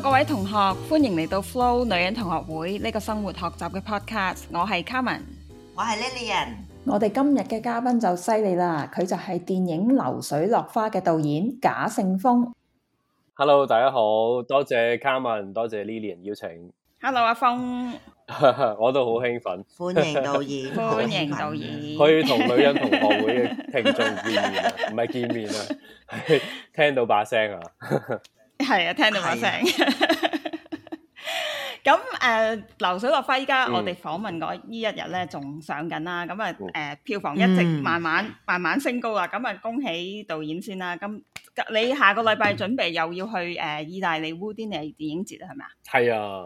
各位同學，歡迎嚟到 Flow 女人同學會呢個生活學習嘅 podcast。我係 Carmen，我係 Lillian。我哋今日嘅嘉賓就犀利啦，佢就係電影《流水落花》嘅導演賈勝楓。Hello，大家好，多謝 Carmen，多謝 Lillian 邀請。Hello，阿峰，我都好興奮。歡迎導演，歡迎導演，可以同女人同學會嘅聽眾見面啊。唔係見面啊，係聽到把聲啊！係啊，聽到我聲。咁誒，流水落花依家，我哋訪問嗰呢一日咧，仲上緊啦。咁啊誒，票房一直慢慢慢慢升高啊。咁啊，恭喜導演先啦。咁你下個禮拜準備又要去誒意大利烏甸尼電影節啦，係咪啊？係啊，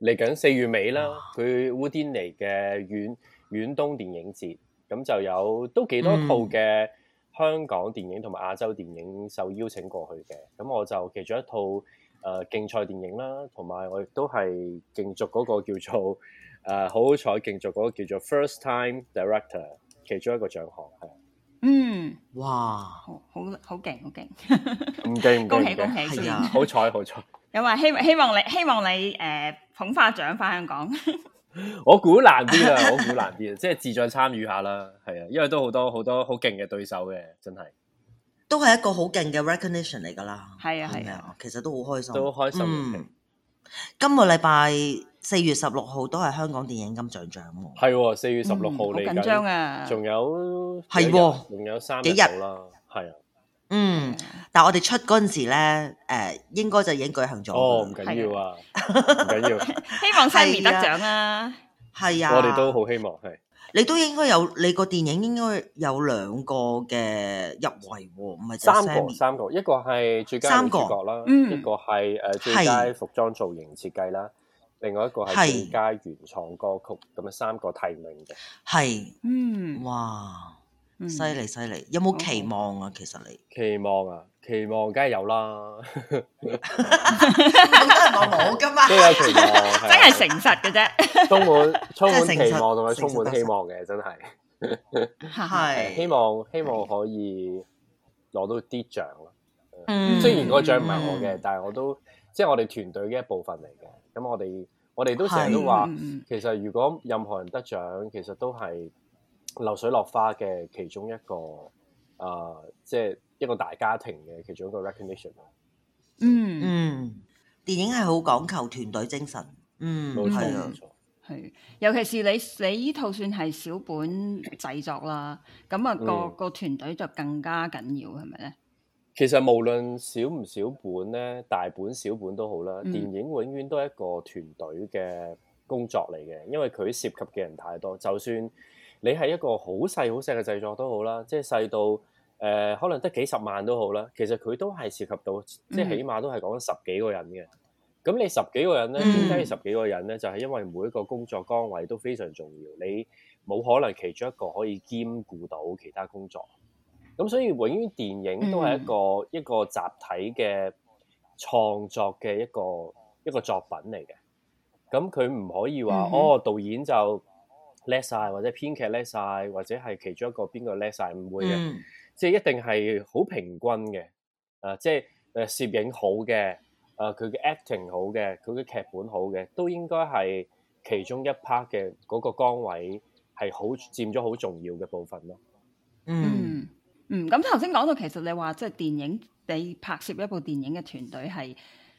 嚟緊四月尾啦，佢烏甸尼嘅遠遠東電影節，咁就有都幾多套嘅。香港電影同埋亞洲電影受邀請過去嘅，咁我就其中一套誒、呃、競賽電影啦，同埋我亦都係競逐嗰個叫做誒好好彩競逐嗰個叫做 First Time Director 其中一個獎項。嗯，哇，好好勁，好勁！唔驚， 恭喜恭喜、啊啊、好彩好彩。有埋希望希望你希望你誒、呃、捧花獎返香港。 我估難啲啊！我估難啲啊！ 即係自在參與下啦，係啊，因為都好多好多好勁嘅對手嘅，真係都係一個好勁嘅 recognition 嚟噶啦，係啊係啊，其實都好開心，都開心、嗯。今個禮拜四月十六號都係香港電影金像獎，係、嗯、四月十六號，好緊張啊！仲有係，仲有三幾日啦，係啊。嗯，但係我哋出嗰陣時咧，誒、呃，應該就已經舉行咗。哦，唔緊要啊，唔緊要。啊、 希望 Sammi 得獎啦。係啊，啊啊哦、我哋都好希望係。你都應該有，你個電影應該有兩個嘅入圍，唔係三個，三個，一個係最佳女主角啦、嗯，一個係誒最佳服裝造型設計啦，另外一個係最佳原創歌曲，咁樣三個提名嘅。係，嗯，哇！犀利犀利，有冇期望啊？其實你期望啊？期望梗係有啦，咁都係噶嘛，真係期望， 真係誠實嘅啫 ，充滿充滿期望同埋充滿希望嘅，真係係、 呃、希望希望可以攞到啲獎咯。嗯，雖然個獎唔係我嘅、嗯，但係我都即係我哋團隊嘅一部分嚟嘅。咁我哋我哋都成日都話，其實如果任何人得獎，其實都係。流水落花嘅其中一個即係、呃就是、一個大家庭嘅其中一個 recognition。嗯嗯，電影係好講求團隊精神。嗯，冇錯冇錯、嗯、係尤其是你你依套算係小本製作啦，咁啊個、嗯、個團隊就更加緊要，係咪咧？其實無論小唔小本咧，大本小本都好啦。電影永遠都係一個團隊嘅工作嚟嘅，因為佢涉及嘅人太多，就算。你係一個好細好細嘅製作都好啦，即係細到、呃、可能得幾十萬都好啦。其實佢都係涉及到，即係起碼都係講十幾個人嘅。咁你十幾個人呢？點解十幾個人呢？就係、係、因為每一個工作崗位都非常重要，你冇可能其中一個可以兼顧到其他工作。咁所以永遠電影都係一個、嗯、一個集體嘅創作嘅一個一個作品嚟嘅。咁佢唔可以話、嗯、哦，導演就。叻晒，或者編劇叻晒，或者係其中一個邊個叻晒，唔會嘅、嗯，即係一定係好平均嘅。誒、呃，即係誒，攝影好嘅，誒、呃，佢嘅 acting 好嘅，佢嘅劇本好嘅，都應該係其中一 part 嘅嗰個崗位係好佔咗好重要嘅部分咯。嗯嗯，咁頭先講到，其實你話即係電影你拍攝一部電影嘅團隊係，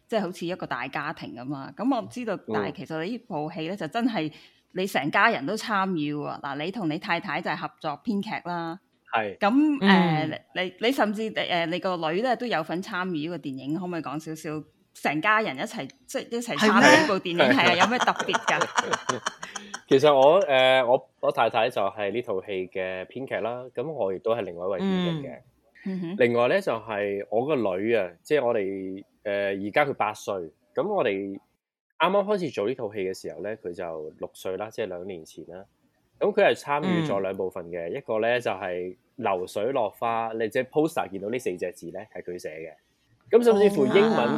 即係好似一個大家庭啊嘛。咁我知道，嗯、但係其實你呢部戲咧就真係。你成家人都參與啊！嗱，你同你太太就係合作編劇啦。係。咁誒、嗯呃，你你甚至誒、呃、你個女咧都有份參與呢個電影，可唔可以講少少？成家人一齊即係一齊參與呢部電影，係啊， 啊，有咩特別㗎？ 其實我誒、呃、我我太太就係呢套戲嘅編劇啦。咁我亦都係另外一位編劇嘅。哼、嗯。另外咧就係、是、我個女啊，即、就、係、是、我哋誒而家佢八歲，咁我哋。啱啱開始做呢套戲嘅時候呢，佢就六歲啦，即係兩年前啦。咁佢係參與咗兩部分嘅、嗯，一個呢就係流水落花，你即係 poster 見到呢四隻字呢係佢寫嘅。咁甚至乎英文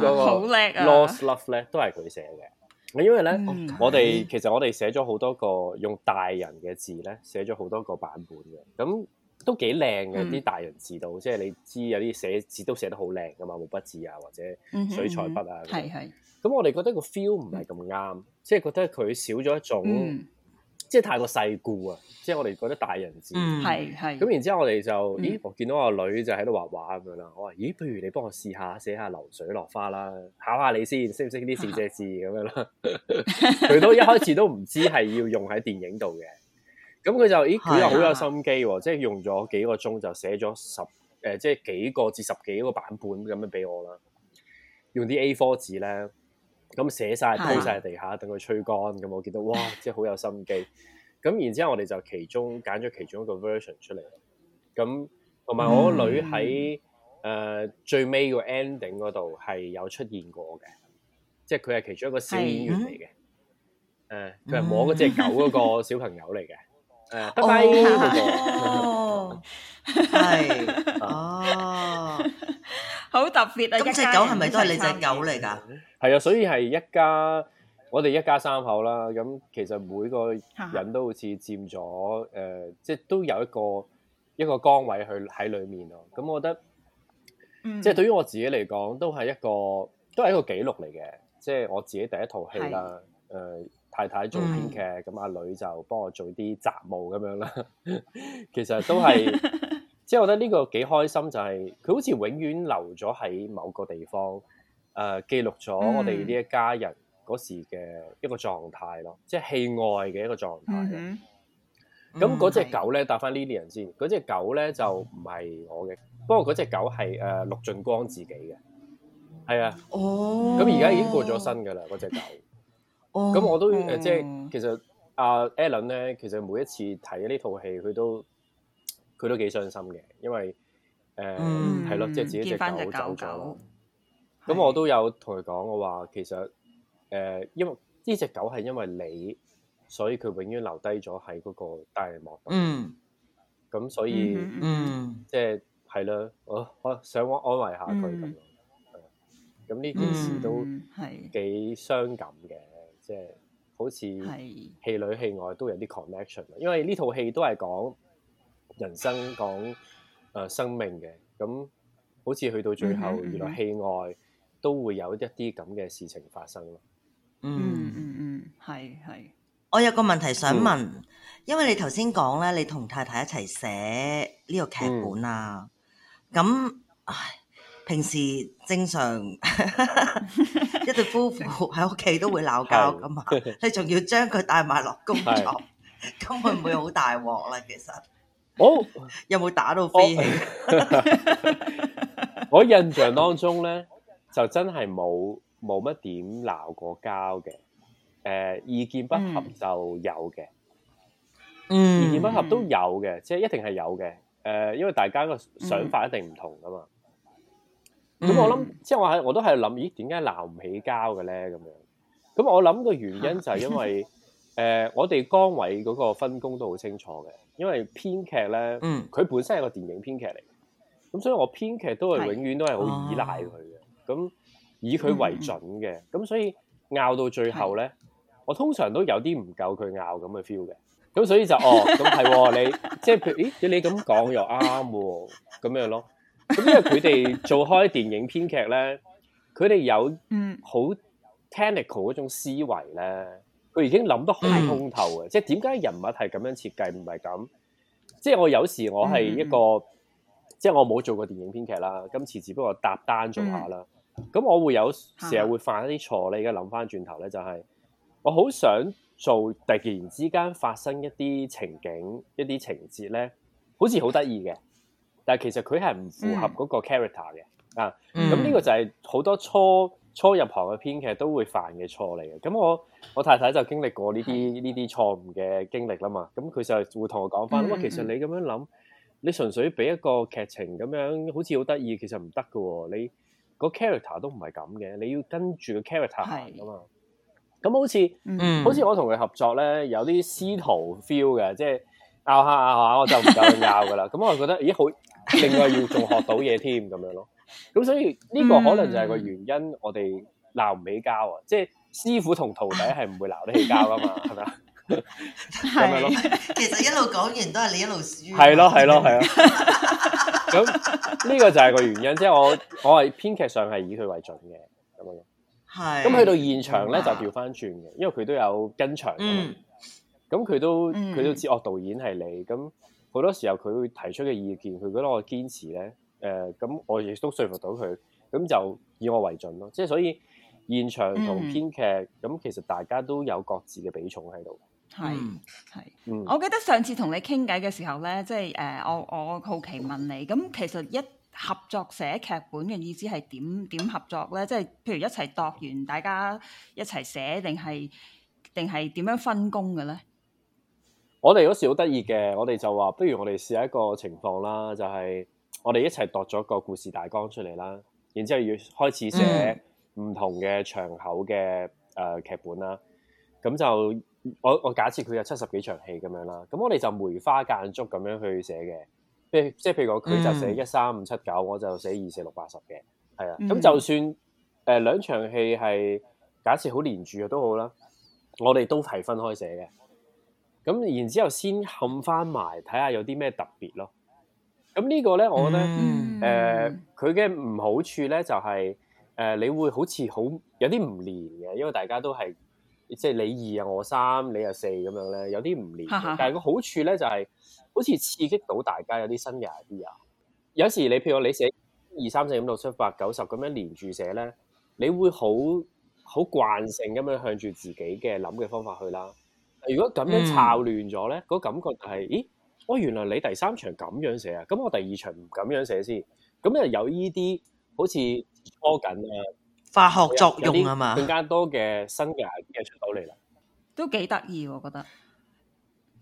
嗰、那個 Lost Love 呢都係佢寫嘅。因為呢，嗯、我哋其實我哋寫咗好多個用大人嘅字呢，寫咗好多個版本嘅。咁都幾靚嘅，啲、嗯、大人字度，即係你知有啲寫字都寫得好靚噶嘛，毛筆字啊，或者水彩筆啊，係、嗯、係。咁、嗯嗯、我哋覺得個 feel 唔係咁啱，即係覺得佢少咗一種，嗯、即係太過世故啊！即係我哋覺得大人字，係、嗯、係。咁、嗯、然之後我哋就、嗯，咦？我見到個女就喺度畫畫咁樣啦。我話，咦？不如你幫我試下寫下流水落花啦，考下你先，識唔識呢四隻字咁樣啦？佢、啊、都 一開始都唔知係要用喺電影度嘅。咁佢就，咦，佢又好有心機喎，即係用咗幾個鐘就寫咗十，呃、即係幾個至十幾個版本咁樣俾我啦。用啲 A4 紙咧，咁寫晒，鋪晒喺地下，等佢吹乾。咁我見到，哇，真係好有心機。咁 然之後，我哋就其中揀咗其中一個 version 出嚟。咁同埋我個女喺、嗯呃、最尾個 ending 嗰度係有出現過嘅，即係佢係其中一個小演員嚟嘅。誒，佢、呃、係摸嗰隻狗嗰個小朋友嚟嘅。嗯 誒，哦，係、啊啊啊啊啊啊，哦，好特別啊！咁隻狗係咪都係你隻狗嚟噶？係啊，所以係一家，我哋一家三口啦。咁其實每個人都好似佔咗誒，即係都有一個一個崗位去喺裏面咯。咁我覺得，嗯、即係對於我自己嚟講，都係一個都係一個記錄嚟嘅。即係我自己第一套戲啦，誒、啊。呃太太做編劇，咁、嗯、阿、嗯、女就幫我做啲雜務咁樣啦。其實都係， 即係我覺得呢個幾開心，就係、是、佢好似永遠留咗喺某個地方，誒、呃、記錄咗我哋呢一家人嗰時嘅一個狀態咯、嗯，即係戲外嘅一個狀態。咁嗰隻狗咧，答翻呢啲人先。嗰隻狗咧就唔係我嘅，不過嗰隻狗係誒、呃、陸駿光自己嘅，係啊。哦。咁而家已經過咗身㗎啦，嗰隻狗。咁、哦、我都誒即係其實阿 Allen 咧，其實每一次睇呢套戲佢都佢都幾傷心嘅，因為誒係咯，即、嗯、係、嗯、自己隻狗，狗走咗。咯、嗯，咁我都有同佢講，我話其實誒、呃、因為呢隻狗係因為你，所以佢永遠留低咗喺嗰個大屏幕度。嗯。咁所以，嗯，即係係咯，我我想安慰下佢咁、嗯、樣。咁呢件事都係幾傷感嘅。嗯即、就、係、是、好似戲裏戲外都有啲 connection，因為呢套戲都係講人生、講誒生命嘅，咁好似去到最後，mm -hmm. 原來戲外都會有一啲咁嘅事情發生咯。Mm -hmm. 嗯嗯嗯，係係。我有個問題想問，mm -hmm. 因為你頭先講咧，你同太太一齊寫呢個劇本啊，咁、mm -hmm. 唉平時正常一對夫婦喺屋企都會鬧交噶嘛，你仲要將佢帶埋落工作，咁會唔會好大鑊呢？其實，哦，有冇打到飛起？我印象當中咧，就真係冇冇乜點鬧過交嘅。誒，意見不合就有嘅，嗯，意見不合都有嘅，即係一定係有嘅。誒，因為大家個想法一定唔同噶嘛。咁我諗、嗯，即係我我都係諗，咦？點解鬧唔起交嘅咧？咁樣，咁我諗個原因就係因為，誒、 呃，我哋崗位嗰個分工都好清楚嘅，因為編劇咧，嗯，佢本身係個電影編劇嚟，咁所以我編劇都係永遠都係好依賴佢嘅，咁、哦、以佢為準嘅，咁所以拗到最後咧，我通常都有啲唔夠佢拗咁嘅 feel 嘅，咁所以就哦，咁係喎，你 即係譬如，咦，你咁講又啱喎、哦，咁樣咯。咁 因為佢哋做開電影編劇咧，佢哋有好 technical 嗰種思維咧，佢已經諗得好通透嘅，即係點解人物係咁樣設計唔係咁。即係我有時我係一個嗯嗯嗯即係我冇做過電影編劇啦，今次只不過搭單做下啦。咁、嗯嗯、我會有成日會犯一啲錯咧。而家諗翻轉頭咧，就係我好想做突然之間發生一啲情景、一啲情節咧，好似好得意嘅。但其實佢係唔符合嗰個 character 嘅，mm. 啊，咁呢個就係好多初初入行嘅編劇都會犯嘅錯嚟嘅。咁我我太太就經歷過呢啲呢啲錯誤嘅經歷啦嘛，咁佢就會同我講翻：喂，其實你咁樣諗，你純粹俾一個劇情咁樣，好似好得意，其實唔得㗎喎。你個 character 都唔係咁嘅，你要跟住個 character 行㗎嘛。咁，mm. 好似好似我同佢合作咧，有啲師徒 feel 嘅，即係拗下拗下我就唔夠拗㗎啦。咁 我就覺得咦好～ 另外要仲學到嘢添咁樣咯，咁所以呢個可能就係個,、啊嗯、 個,個原因，就係、我哋鬧唔起交啊！即係師傅同徒弟係唔會鬧得起交噶嘛，係咪啊？係。其實一路講完都係你一路輸。係咯係咯係咯。咁呢個就係個原因，即係我我係編劇上係以佢為準嘅咁樣。係。咁去到現場咧就調翻轉嘅，因為佢都有跟場。嗯。咁佢都佢都知道、嗯，哦，導演係你咁。好多時候佢會提出嘅意見，佢覺得我堅持咧，誒、呃、咁我亦都說服到佢，咁就以我為準咯。即係所以現場同編劇咁、嗯，其實大家都有各自嘅比重喺度。係係，嗯，我記得上次同你傾偈嘅時候咧，即係誒，我我好奇問你，咁其實一合作寫劇本嘅意思係點點合作咧？即係譬如一齊度完，大家一齊寫，定係定係點樣分工嘅咧？我哋嗰時好得意嘅，我哋就話不如我哋試下一個情況啦，就係、是、我哋一齊度咗個故事大綱出嚟啦，然之後要開始寫唔同嘅場口嘅誒、嗯呃、劇本啦。咁就我我假設佢有七十幾場戲咁樣啦，咁我哋就梅花間竹咁樣去寫嘅，譬如即係譬如講佢就寫一三五七九，我就寫二四六八十嘅，係啊。咁就算誒兩、呃、場戲係假設好連住嘅都好啦，我哋都係分開寫嘅。咁然之後先冚翻埋，睇下有啲咩特別咯。咁呢個咧，我覺得誒佢嘅唔好處咧就係誒你會好似好有啲唔連嘅，因為大家都係即係你二啊，我三，你又四咁樣咧，有啲唔連哈哈。但係個好處咧就係好似刺激到大家有啲新嘅 idea。有時你譬如你寫二三四五六七八九十咁樣連住寫咧，你會好好慣性咁樣向住自己嘅諗嘅方法去啦。如果咁樣炒亂咗咧，個感覺係，咦，哦，原來你第三場咁樣寫啊，咁我第二場唔咁樣寫先，咁又有依啲好似搓緊啊，化學作用啊嘛，更加多嘅新嘅 idea 出到嚟啦，都幾得意喎，我覺得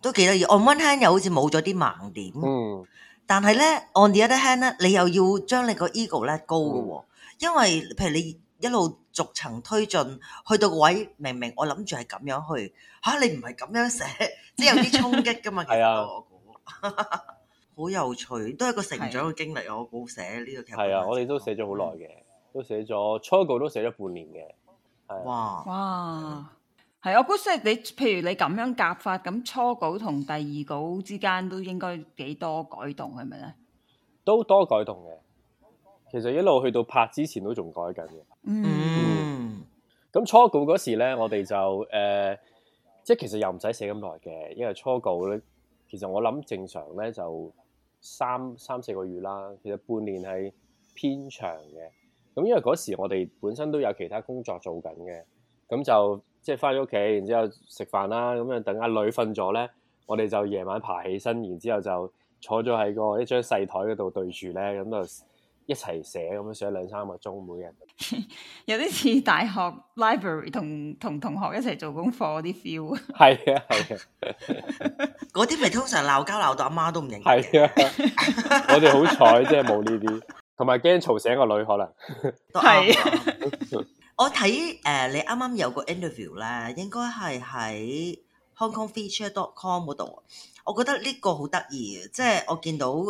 都幾得意。On one hand 又好似冇咗啲盲點，嗯，但係咧，on the other hand 咧，你又要將你個 ego 咧高嘅喎，因為譬如你一路。逐層推進，去到個位明明我諗住係咁樣去嚇，你唔係咁樣寫，即係有啲衝擊㗎嘛。係啊，我估好有趣，都係個成長嘅經歷。我估寫呢個劇。係啊，我哋都寫咗好耐嘅，都寫咗初稿都寫咗半年嘅。係哇，哇，係啊，我估即係你，譬如你咁樣夾法，咁初稿同第二稿之間都應該幾多改動，係咪咧？都多改動嘅，其實一路去到拍之前都仲改緊嘅。嗯。咁初稿嗰時咧，我哋就、呃、即係其實又唔使寫咁耐嘅，因為初稿咧，其實我諗正常咧就三三四個月啦。其實半年係偏長嘅，咁因為嗰時我哋本身都有其他工作做緊嘅，咁就即係返咗屋企，然之後食飯啦，咁樣等阿女瞓咗咧，我哋就夜晚爬起身，然之後就坐咗喺個一張細枱嗰度對住咧，咁就。一齊寫，咁樣寫兩三個鐘，每日有啲似大學 library 同同同學一齊做功課嗰啲 feel 啊！係啊，係啊，嗰啲咪通常鬧交鬧到阿媽都唔認。係啊，我哋好彩即係冇呢啲，同埋驚嘈醒個女可能。係啊，我睇誒你啱啱有個 interview 咧，應該係喺。Hong Kong Feature dot com 嗰度，我覺得呢個好得意，即係我見到誒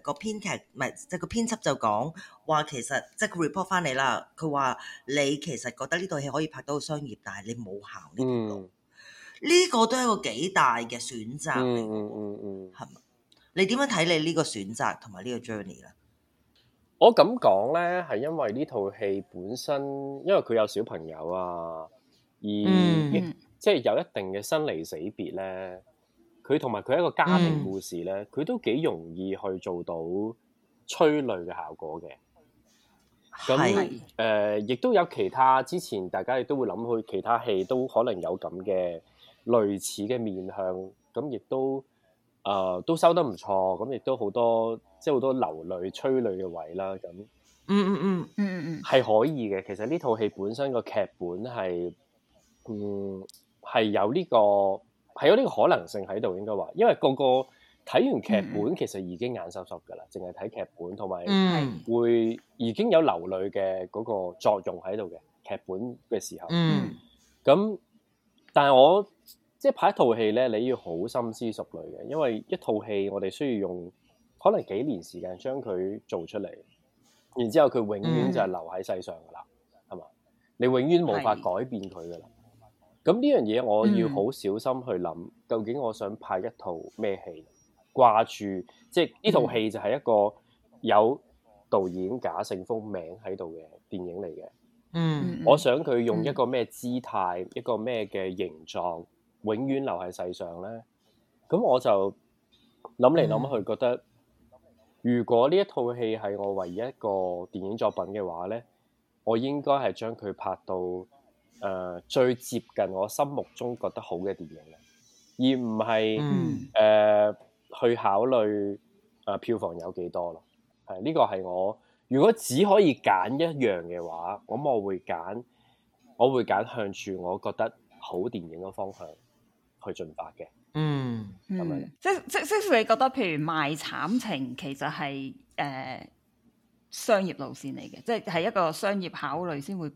個、呃、編劇，唔係即係個編輯就講話，其實即係佢 report 翻你啦。佢話你其實覺得呢套戲可以拍到商業，但係你冇行呢條路，呢個，嗯，都係一個幾大嘅選擇嚟，係、嗯、咪、嗯嗯？你點樣睇你呢個選擇同埋呢個 journey 啦？我咁講咧，係因為呢套戲本身，因為佢有小朋友啊，而。嗯即係有一定嘅生離死別咧，佢同埋佢一個家庭故事咧，佢、嗯、都幾容易去做到催淚嘅效果嘅。咁誒，亦、呃、都有其他之前大家亦都會諗去其他戲都可能有咁嘅類似嘅面向。咁亦都誒、呃、都收得唔錯。咁亦都好多即係好多流淚催淚嘅位啦。咁嗯嗯嗯嗯嗯嗯，係、嗯嗯、可以嘅。其實呢套戲本身個劇本係嗯。係有呢、這個係有呢個可能性喺度，應該話，因為個個睇完劇本、嗯、其實已經眼濕濕噶啦，淨係睇劇本同埋會已經有流淚嘅嗰個作用喺度嘅劇本嘅時候。咁、嗯嗯、但係我即係拍一套戲咧，你要好深思熟慮嘅，因為一套戲我哋需要用可能幾年時間將佢做出嚟，然之後佢永遠就係留喺世上噶啦，係、嗯、嘛？你永遠無法改變佢噶啦。咁呢樣嘢，我要好小心去諗、嗯，究竟我想拍一套咩戲？掛住即係呢套戲就係一個有導演賈勝楓名喺度嘅電影嚟嘅。嗯，我想佢用一個咩姿態、嗯、一個咩嘅形狀，永遠留喺世上呢。咁我就諗嚟諗去，覺得、嗯、如果呢一套戲係我唯一一個電影作品嘅話呢，我應該係將佢拍到。誒、呃，最接近我心目中覺得好嘅電影嘅，而唔係誒去考慮誒、呃、票房有幾多咯。係、這、呢個係我如果只可以揀一樣嘅話，咁我，我會揀我會揀向住我覺得好電影嘅方向去進發嘅。嗯，咁樣、嗯、即即即使你覺得譬如賣慘情，其實係誒、呃、商業路線嚟嘅，即係，係一個商業考慮先會。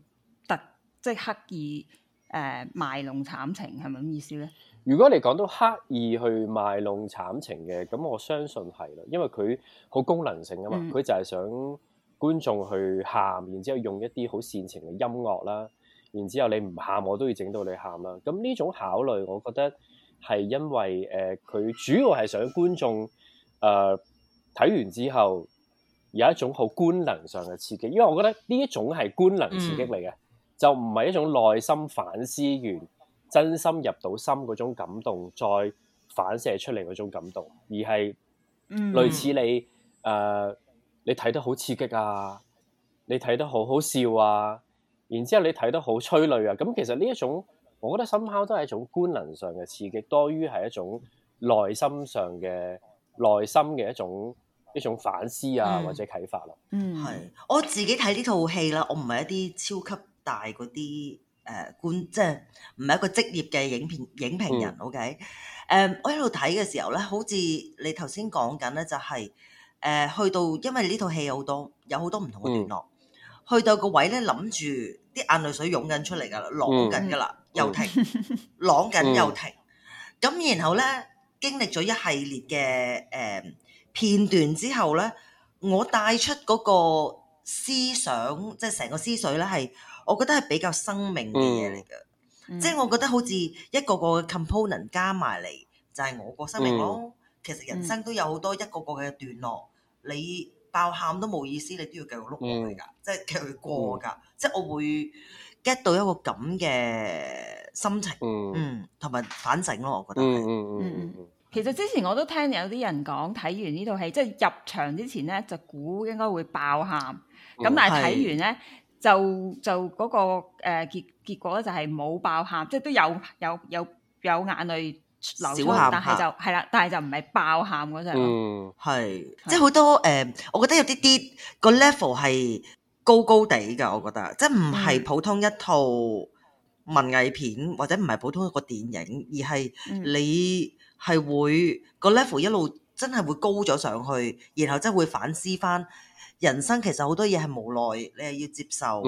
即刻意誒、呃、賣弄慘情係咪咁意思咧？如果你講到刻意去賣弄慘情嘅，咁我相信係啦，因為佢好功能性啊嘛，佢、嗯、就係想觀眾去喊，然之後用一啲好煽情嘅音樂啦，然之後你唔喊，我都要整到你喊啦。咁呢種考慮，我覺得係因為誒佢、呃、主要係想觀眾誒睇完之後有一種好官能上嘅刺激，因為我覺得呢一種係官能刺激嚟嘅。嗯就唔係一種內心反思完、真心入到心嗰種感動，再反射出嚟嗰種感動，而係類似你誒、嗯呃，你睇得好刺激啊，你睇得好好笑啊，然之後你睇得好催淚啊。咁其實呢一種，我覺得深刻都係一種官能上嘅刺激，多於係一種內心上嘅內心嘅一種一種反思啊，嗯、或者啟發啦。嗯，係我自己睇呢套戲啦，我唔係一啲超級大嗰啲誒觀，即係唔係一個職業嘅影片影評人。嗯、OK，誒、um,，我喺度睇嘅時候咧，好似你頭先講緊咧，就係誒去到，因為呢套戲好多有好多唔同嘅段落，去到個位咧諗住啲眼淚水湧緊出嚟噶啦，朗緊噶啦，又停朗緊、嗯、又停咁、嗯，然後咧經歷咗一系列嘅誒、呃、片段之後咧，我帶出嗰個思想，即係成個思緒咧係。我覺得係比較生命嘅嘢嚟嘅，即、嗯、係、就是、我覺得好似一個個嘅 component 加埋嚟就係我個生命咯、嗯。其實人生都有好多一個個嘅段落，嗯、你爆喊都冇意思，你都要繼續碌落去㗎，即、嗯、係、就是、繼續過㗎、嗯。即係我會 get 到一個咁嘅心情，嗯，同埋反省咯。我覺得係，嗯嗯嗯嗯。其實之前我都聽有啲人講睇完呢套戲，即、就、係、是、入場之前咧就估應該會爆喊，咁、嗯、但係睇完咧。就就嗰、那個誒、呃、結果咧，就係冇爆喊，即係都有有有有眼淚流出，但係就係啦，但係就唔係爆喊嗰陣，嗯，係即係好多誒、呃，我覺得有啲啲個 level 係高高地㗎，我覺得即係唔係普通一套文藝片、嗯、或者唔係普通一個電影，而係你係、嗯、會個 level 一路。真係會高咗上去，然後真會反思翻人生。其實好多嘢係無奈，你係要接受。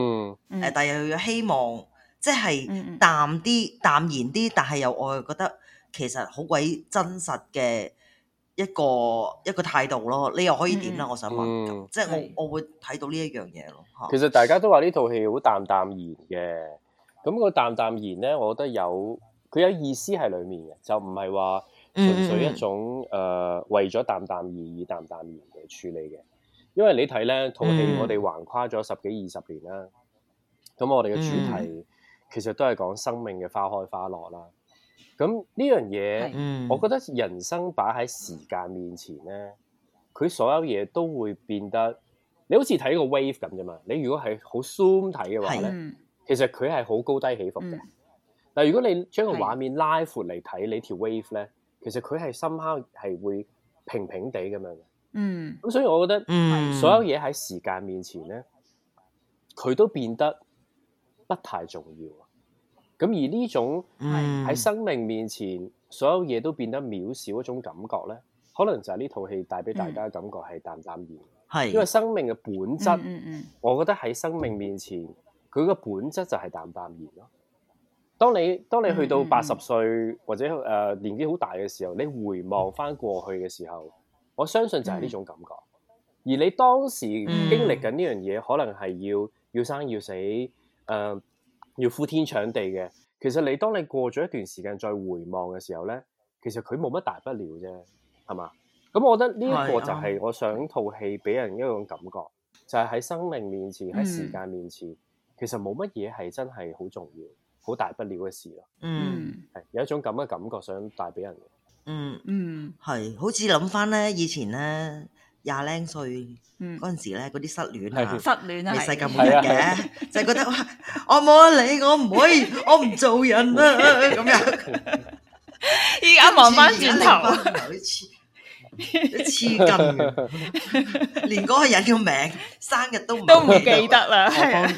嗯，但又要希望，即係淡啲、嗯、淡然啲，但係又我覺得其實好鬼真實嘅一個一個態度咯。你又可以點咧、嗯？我想問，嗯、即係我我會睇到呢一樣嘢咯。其實大家都話呢套戲好淡淡然嘅，咁個淡淡然呢，我覺得有佢有意思喺裡面嘅，就唔係話，純粹一種誒、呃，為咗淡淡而以淡淡然嘅處理嘅，因為你睇咧套戲，我哋橫跨咗十幾二十年啦。咁我哋嘅主題其實都係講生命嘅花開花落啦。咁呢樣嘢，我覺得人生擺喺時間面前咧，佢所有嘢都會變得你好似睇個 wave 咁啫嘛。你如果係好 zoom 睇嘅話咧，其實佢係好高低起伏嘅。但如果你將個畫面拉闊嚟睇，你條 wave 咧。其實佢係深刻係會平平地咁樣嘅，嗯，咁所以我覺得，嗯，所有嘢喺時間面前咧，佢都變得不太重要。咁而呢種喺生命面前所有嘢都變得渺小嘅一種感覺咧，可能就係呢套戲帶俾大家嘅感覺係淡淡然，係因為生命嘅本質，嗯嗯，我覺得喺生命面前佢嘅本質就係淡淡然咯。當你當你去到八十歲或者誒、呃、年紀好大嘅時候，你回望返過去嘅時候，我相信就係呢種感覺。而你當時經歷緊呢樣嘢，可能係要要生要死，誒、呃、要呼天搶地嘅。其實你當你過咗一段時間再回望嘅時候咧，其實佢冇乜大不了啫，係嘛？咁我覺得呢一個就係我想套戲俾人一種感覺，就係、是、喺生命面前、喺時間面前，其實冇乜嘢係真係好重要。好大不了嘅事咯，嗯，係有一種咁嘅感覺想帶俾人嘅。嗯嗯，係、嗯、好似諗翻咧以前咧廿零歲，嗰、嗯、陣時咧嗰啲失戀啊，是的失戀未世界冇熱嘅，就係覺得 我冇得理會，我唔可以，我唔做人啊，咁 這樣，而家望翻轉頭。 黐筋嘅，連嗰個人嘅名、生日都唔都唔記得啦。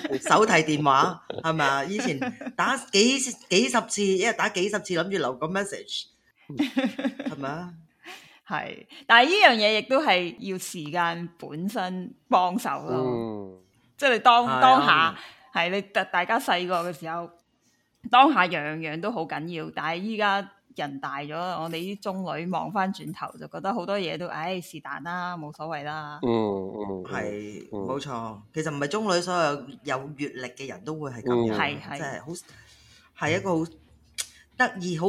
得手提電話係咪啊？以前打幾幾十次，一日打幾十次，諗住留個 message 係咪啊？係，但係呢樣嘢亦都係要時間本身幫手咯。即、哦、係、就係、你當當下係你大大家細個嘅時候，當下樣樣都好緊要，但係依家。人大咗，我哋啲中女望翻轉頭，就覺得好多嘢都，唉、哎嗯嗯，是但啦，冇所謂啦。嗯嗯，係冇錯。其實唔係中女，所有有閲歷嘅人都會係咁樣，即係好係一個好、嗯、得意、好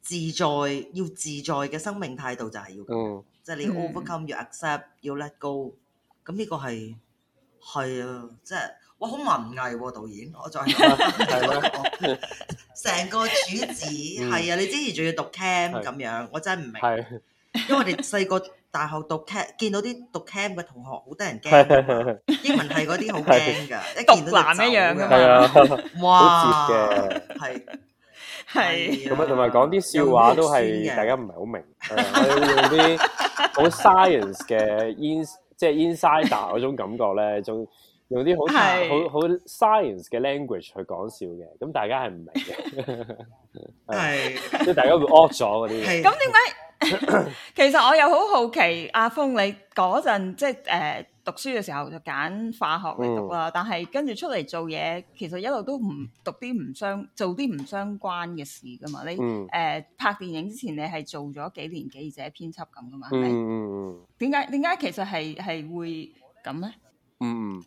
自在、要自在嘅生命態度，就係要咁。嗯，即、就、係、是、你要 overcome、嗯、要 accept 要 let go，咁呢個係係、就是、啊，即係我好文藝喎，導演，我再係覺 成個主旨係、嗯、啊！你之前仲要讀 cam 咁樣，我真係唔明、啊。因為我哋細個大學讀 cam，見到啲讀 cam 嘅同學好得人驚、啊。英文係嗰啲好驚㗎，一見到就走嘅一樣㗎嘛。哇！係係。咁啊，同埋講啲笑話都係大家唔係好明，我用啲好 science 嘅 ins 即係 insider 嗰種感覺咧，中。用啲好似好好 science 嘅 language 去講笑嘅，咁大家係唔明嘅，係即係大家會惡咗嗰啲嘢。咁點解？其實我又好好奇，阿峰你嗰陣即係誒讀書嘅時候就揀化學嚟讀啦，但係跟住出嚟做嘢，其實一路都唔讀啲唔相做啲唔相關嘅事噶嘛。你誒拍電影之前，你係做咗幾年記者編輯咁噶嘛？係咪？點解，點解？其實係係會咁咧？嗯。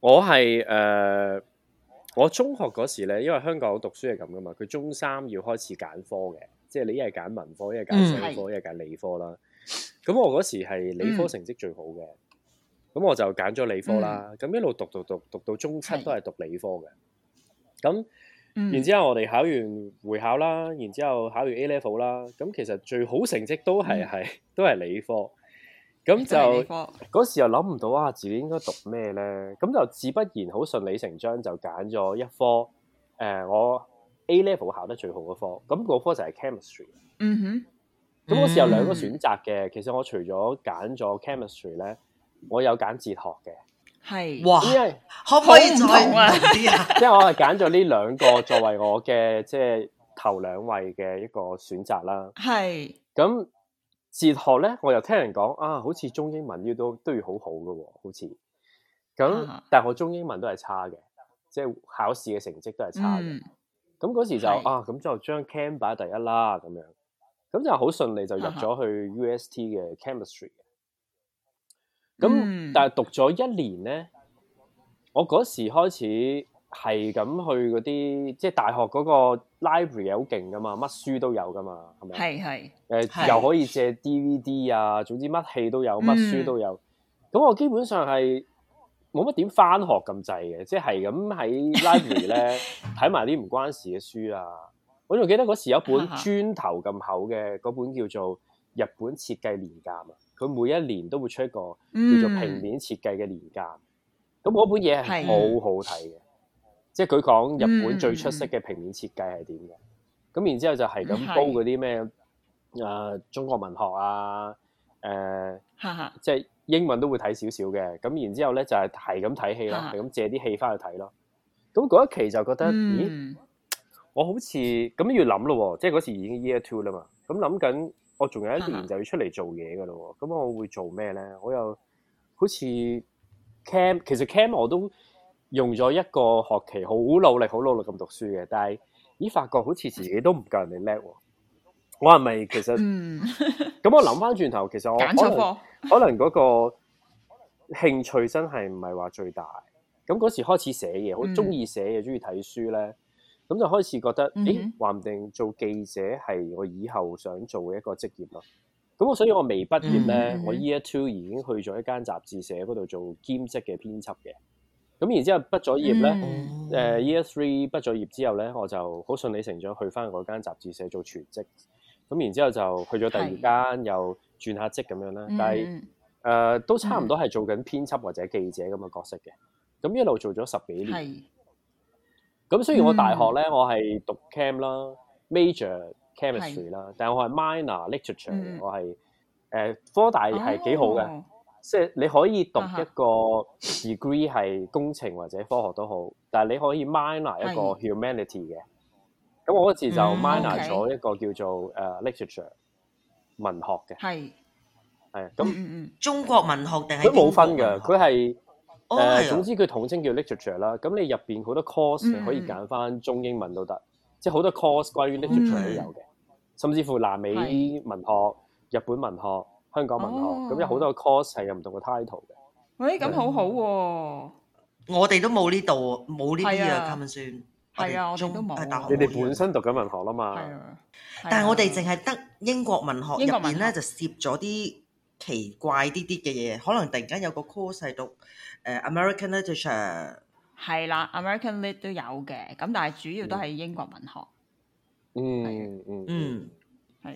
我係誒、呃，我中學嗰時咧，因為香港讀書係咁噶嘛，佢中三要開始揀科嘅，即係你一係揀文科，一係揀社科，一係揀理科啦。咁、嗯、我嗰時係理科成績最好嘅，咁、嗯、我就揀咗理科啦。咁、嗯、一路讀讀讀讀，讀到中七都係讀理科嘅。咁、嗯，然之後我哋考完會考啦，然之後考完 A level 啦，咁其實最好成績都係係、嗯、 都係理科。咁就嗰時又諗唔到啊，自己應該讀咩咧？咁就自不然好順理成章就揀咗一科誒、呃，我 A level 考得最好嘅科，咁嗰科就係 chemistry。嗯哼。咁嗰時有兩個選擇嘅，其實我除咗揀咗 chemistry 咧，我有揀哲學嘅。係。哇！因為可唔可以再難啲啊？即 係我係揀咗呢兩個作為我嘅即係頭兩位嘅一個選擇啦。係。咁。哲學咧，我又聽人講啊，好似中英文都要都要好好嘅喎，好似咁大學中英文都係差嘅，即係考試嘅成績都係差嘅。咁、嗯、嗰時就啊，咁就將 chem 擺第一啦，咁樣咁就好順利就入咗去 UST 嘅 chemistry 咁、嗯、但係讀咗一年咧，我嗰時開始係咁去嗰啲即係大學嗰個 library 好勁噶嘛，乜書都有噶嘛，係咪？係係，誒、呃，又可以借 DVD 啊，總之乜戲都有，乜、嗯、書都有。咁我基本上係冇乜點翻學咁滯嘅，即係咁喺 library 咧睇埋啲唔關事嘅書啊。我仲記得嗰時有一本磚頭咁厚嘅本叫做《日本設計年鑑》啊。佢每一年都會出一個叫做平面設計嘅年鑑，咁、嗯、嗰本嘢係好好睇嘅。即係佢講日本最出色嘅平面設計係點嘅？咁、嗯、然之後就係咁煲嗰啲咩啊？中國文學啊，誒、啊，即係、就是、英文都會睇少少嘅。咁然之後咧就係係咁睇戲咯，係咁借啲戲翻去睇咯。咁嗰一期就覺得，嗯、咦，我好似咁要諗咯。即係嗰時已經 year two 啦嘛。咁諗緊，我仲有一年就要出嚟做嘢噶咯。咁我會做咩咧？我又好似 cam，其實 cam 我都。用咗一個學期，好努力，好努力咁讀書嘅，但係咦，發覺好似自己都唔夠人哋叻喎。我係咪其實咁？ 我諗翻轉頭，其實我可能可能嗰 個興趣真係唔係話最大。咁嗰時開始寫嘢，好中意寫嘢，中意睇書呢，咁就開始覺得，誒、欸，話唔定做記者係我以後想做嘅一個職業咯。咁所以我未畢業呢，我 year two 已經去咗一間雜誌社嗰度做兼職嘅編輯嘅。咁然之後畢咗業咧，誒 year three 畢咗業之後咧，我就好順理成章去翻嗰間雜誌社做全職。咁然之後就去咗第二間，又轉下職咁樣啦，但係誒、嗯呃、都差唔多係做緊編輯或者記者咁嘅角色嘅。咁一路做咗十幾年。咁雖然我大學咧、嗯、我係讀 chem 啦，major chemistry 啦，但係我係 minor literature、嗯。我係誒、呃、科大係幾好嘅。哦。即係你可以讀一個 degree 係工程或者科學都好，但係你可以 minor 一個 humanity 嘅。咁我嗰時就 minor 咗一個叫做誒 literature 文學嘅。係係咁，中國文學定係都冇分嘅，佢係誒總之佢統稱叫 literature 啦。咁你入邊好多 course 你可以揀翻中英文都得，即係好多 course 關於 literature 都有嘅，甚至乎南美文學、日本文學。香港文學，咁有好多個 course 係有唔同嘅 title 嘅。誒咁好好喎，我哋都冇呢度冇呢啲啊，咁算係啊，我哋都冇大學。你哋本身讀緊文學啦嘛？係啊，但係我哋淨係得英國文學入邊咧，就涉咗啲奇怪啲啲嘅嘢，可能突然間有個 course 係讀誒 American literature。係啦，American lit 都有嘅，咁但係主要都係英國文學。嗯嗯嗯。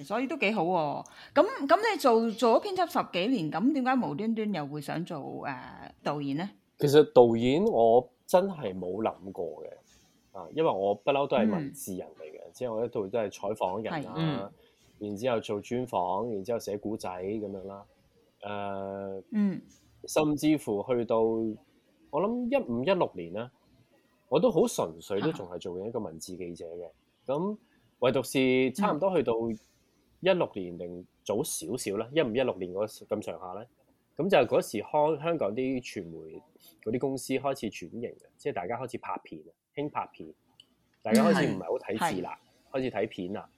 所以都幾好喎、哦。咁咁，你做咗編輯十幾年，咁點解無端端又會想做誒、呃、導演呢？其實導演我真係冇諗過嘅，啊，因為我不嬲都係文字人嚟嘅，即、嗯、係、就是、我一度都係採訪人、啊嗯、然之後做專訪，然之後寫古仔咁樣啦，誒、啊嗯，甚至乎去到我諗一五一六年啦，我都好純粹都仲係做緊一個文字記者嘅，咁、啊、唯獨是差唔多去到、嗯。一六年定早少少啦，一五一六年嗰咁上下咧，咁就嗰時香港啲傳媒嗰啲公司開始轉型，即係大家開始拍片，興拍片，大家開始唔係好睇字啦，開始睇片啦。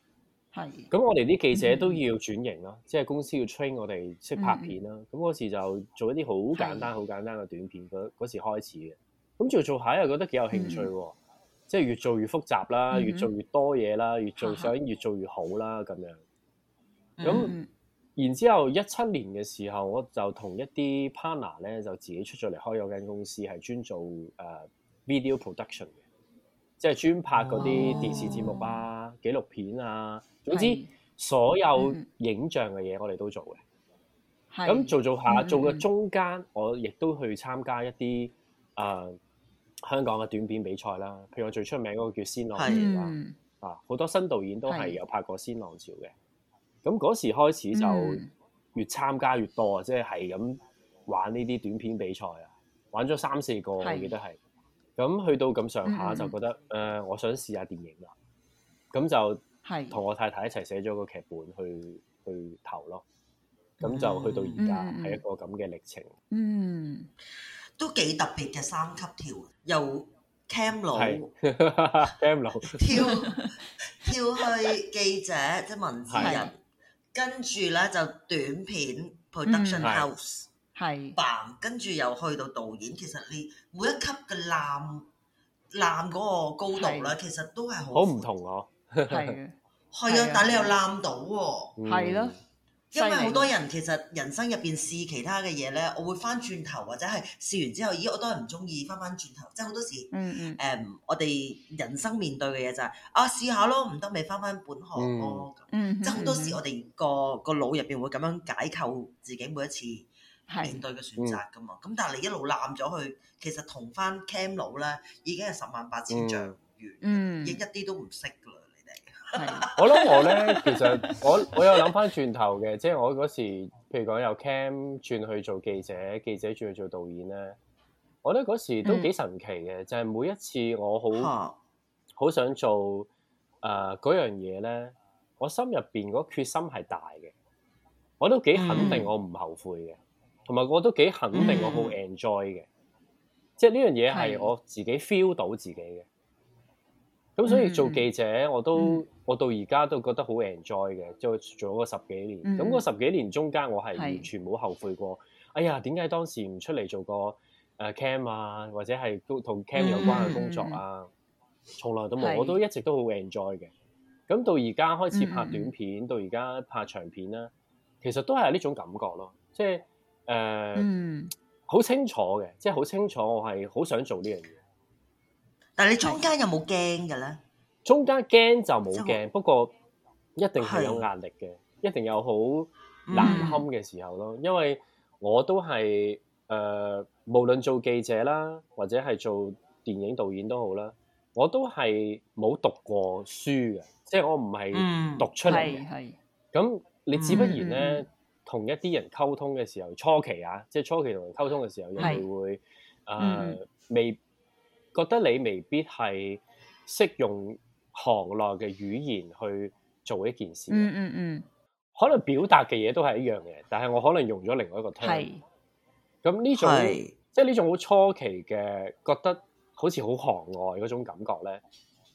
係咁，我哋啲記者都要轉型咯，即係、就是、公司要 train 我哋識拍片啦。咁嗰時就做一啲好簡單、好簡單嘅短片，嗰嗰時開始嘅。咁做做下又覺得幾有興趣喎，即係、就是、越做越複雜啦，越做越多嘢啦，越做越想越做越好啦，咁樣。咁、嗯、然之後一七年嘅時候，我就同一啲 partner 咧，就自己出咗嚟開咗間公司，係專做誒、uh, video production 嘅，即係專拍嗰啲電視節目啊、哦、紀錄片啊，總之所有影像嘅嘢我哋都做嘅。咁做做下做嘅中間，嗯、我亦都去參加一啲誒、uh, 香港嘅短片比賽啦。譬如我最出名嗰個叫《先浪潮》啦、啊、嗯，啊好多新導演都係有拍過《先浪潮》嘅。咁嗰時開始就越參加越多啊，即係係咁玩呢啲短片比賽啊，玩咗三四個，我記得係。咁去到咁上下就覺得、嗯呃、我想試下電影啦。咁就同我太太一齊寫咗個劇本去去投咯。咁就去到而家係一個咁嘅歷程。嗯，嗯嗯都幾特別嘅三級跳 Cam 佬， 跳，由 Cam 佬 Cam 佬跳跳去記者即係文字人。跟住咧就短片 production house 係、嗯、跟住又去到導演，其實你每一級嘅攬攬嗰個高度咧，其實都係好唔同咯。係 啊，但係你又攬到喎。係咯。嗯因為好多人其實人生入邊試其他嘅嘢咧，我會翻轉頭或者係試完之後，咦，我都係唔中意翻翻轉頭，即係好多時誒，嗯嗯 um, 我哋人生面對嘅嘢就係、是、啊試下咯，唔得咪翻翻本行咯、嗯嗯，即係好多時我哋個個腦入邊會咁樣解構自己每一次面對嘅選擇噶嘛。咁、嗯、但係你一路攬咗去，其實同翻 Cam 佬咧已經係十萬八千丈遠、嗯嗯，已經一啲都唔識噶啦。 我諗我咧，其實我我有諗翻轉頭嘅，即係我嗰時，譬如講有 cam 轉去做記者，記者轉去做導演咧，我覺得嗰時都幾神奇嘅、嗯，就係每一次我好好想做誒嗰、呃、樣嘢咧，我心入邊嗰決心係大嘅，我都幾肯定我唔後悔嘅，同埋我都幾肯定我好 enjoy 嘅，即係呢樣嘢係我自己 feel 到自己嘅。咁、嗯、所以做記者我都、嗯、我到而家都覺得好 enjoy 嘅，就做做咗個十幾年。咁、嗯、嗰十幾年中間我係完全冇後悔過，哎呀，點解當時唔出嚟做個誒、uh, cam 啊，或者係都同 cam 有關嘅工作啊？從、嗯、來都冇，我都一直都好 enjoy 嘅。咁到而家開始拍短片，嗯、到而家拍長片啦，其實都係呢種感覺咯。即係誒好清楚嘅，即係好清楚，我係好想做呢樣嘢。但係你中間有冇驚嘅咧？中間驚就冇驚，不過一定係有壓力嘅，一定有好難堪嘅時候咯。因為我都係誒，無論做記者啦，或者係做電影導演都好啦，我都係冇讀過書嘅，即係我唔係讀出嚟嘅。咁你只不然咧，同一啲人溝通嘅時候，初期啊，即係初期同人溝通嘅時候，又會誒未覺得你未必係識用行內嘅語言去做一件事。嗯嗯，可能表達嘅嘢都係一樣嘅，但係我可能用咗另外一個 tone。咁呢種即係呢種好初期嘅，覺得好似好行外嗰種感覺咧，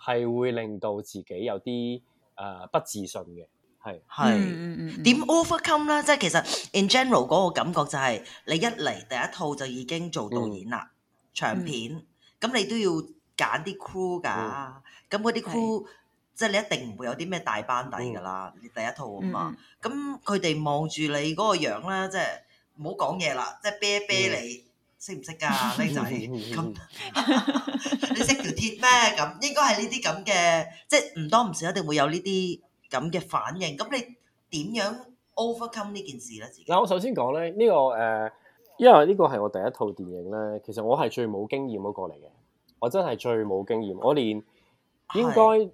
係會令到自己有啲誒、呃、不自信嘅。係係點 overcome 咧？即係其實 in general 嗰個感覺就係你一嚟第一套就已經做導演啦，長、嗯、片。嗯咁你都要揀啲 crew 噶，咁嗰啲 crew 即係、就是、你一定唔會有啲咩大班底噶啦，嗯、你第一套啊嘛。咁佢哋望住你嗰個樣啦，即係唔好講嘢啦，即係、就是、啤啤你，嗯、識唔識噶，靚仔？咁 那 你識條鐵咩？咁 應該係呢啲咁嘅，即係唔多唔少一定會有呢啲咁嘅反應。咁你點樣 overcome 呢件事咧？自己。嗱，我首先講咧，呢、呢個誒。Uh, 因為呢個係我第一套電影呢，其實我係最冇經驗嗰個嚟嘅，我真係最冇經驗，我連應該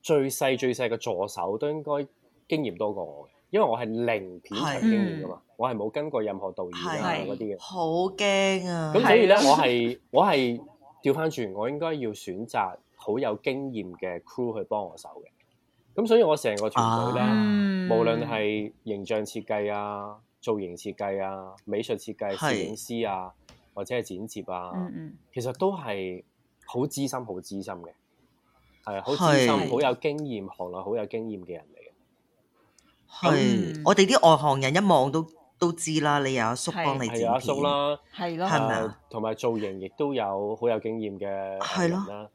最細最細嘅助手都應該經驗多過我嘅，因為我係零片場經驗㗎嘛，我係冇跟過任何導演嗰啲嘅，好驚啊！咁、啊、所以呢，係我係我係調翻轉，我應該要選擇好有經驗嘅 crew 去幫我手嘅，咁所以我成個團隊呢，嗯、無論係形象設計啊，造型設計啊，美術設計、攝影師啊，或者係剪接啊，嗯嗯其實都係好資深、好資深嘅，係好資深、好有經驗、行內好有經驗嘅人嚟嘅。係、嗯、我哋啲外行人一望都都知啦。你有阿叔幫叔你剪片啦，係咯，係咪啊？同埋、啊、造型亦都有好有經驗嘅人啦、啊。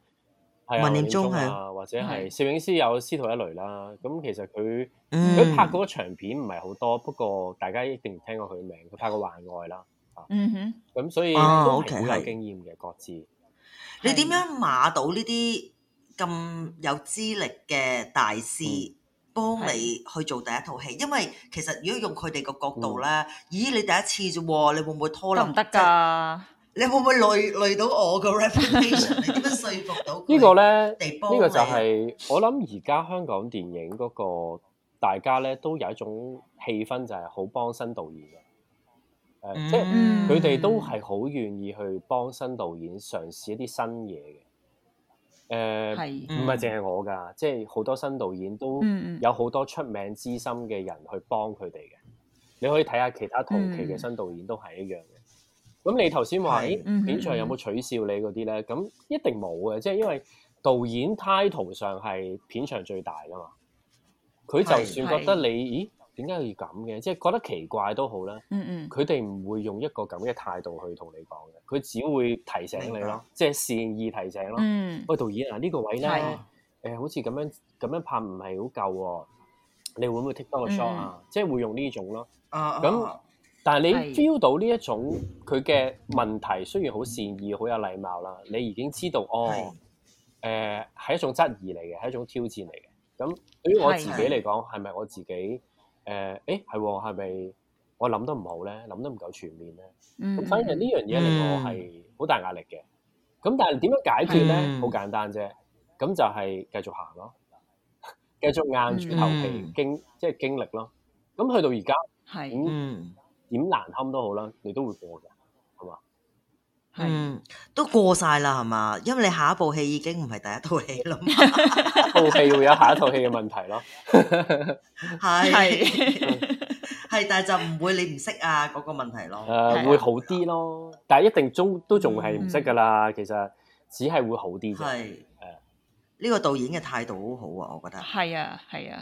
文念中啊，或者係攝影師有司徒一雷啦。咁其實佢佢、嗯、拍嗰長片唔係好多，不過大家一定聽過佢名字。佢拍過《幻愛》啦。嗯哼。咁、啊、所以都係好有經驗嘅、哦 okay, 各自。你點樣馬到呢啲咁有資歷嘅大師幫你去做第一套戲？因為其實如果用佢哋個角度咧、嗯，咦？你第一次啫喎，你會唔會拖拉唔得㗎？行你會唔會累累到我個 reputation？ 你點樣說服到 個呢個咧？呢、這個就係、是、我諗，而家香港電影嗰、那個、大家咧，都有一種氣氛，就係好幫新導演嘅。誒、uh, 嗯、即係佢哋都係好願意去幫新導演嘗試一啲新嘢嘅。誒係唔係淨係我㗎、嗯？即係好多新導演都有好多出名資深嘅人去幫佢哋嘅。你可以睇下其他同期嘅新導演都係一樣嘅。咁你頭先話喺片場有冇取笑你嗰啲咧？咁、嗯、一定冇嘅，即係因為導演 title 上係片場最大噶嘛。佢就算覺得你，咦？點解要咁嘅？即、就、係、是、覺得奇怪都好啦。嗯嗯。佢哋唔會用一個咁嘅態度去同你講嘅，佢只會提醒你咯，即係、就是、善意提醒咯、嗯。喂，導演啊，呢、這個位咧、呃，好似咁樣咁樣拍唔係好夠喎。你會唔會 take 多個 shot、嗯就是、啊？即係會用呢種咯。咁、啊。啊啊但係你 feel 到呢一種佢嘅問題，雖然好善意、好有禮貌啦，你已經知道哦，係、呃、一種質疑嚟嘅，係一種挑戰嚟嘅。咁對於我自己嚟講，係咪我自己誒？誒係喎，係、欸、咪我諗得唔好咧？諗得唔夠全面咧？咁、嗯、反而呢樣嘢令我係好大壓力嘅。咁但係點樣解決咧？好、嗯、簡單啫，咁就係繼續行咯，繼續硬住頭皮經即係經歷咯。咁去到而家，係、嗯。點難堪都好啦，你都會過嘅，係嘛？嗯，都過晒啦，係嘛？因為你下一部戲已經唔係第一套戲啦嘛，套 戲會有下一套戲嘅問題咯。係 係，但係就唔會你唔識啊嗰、嗰個問題咯。誒、呃啊，會好啲咯，啊、但係一定中都仲係唔識噶啦。其實只係會好啲啫。呢、個導演嘅態度好好啊，我覺得係啊，係啊，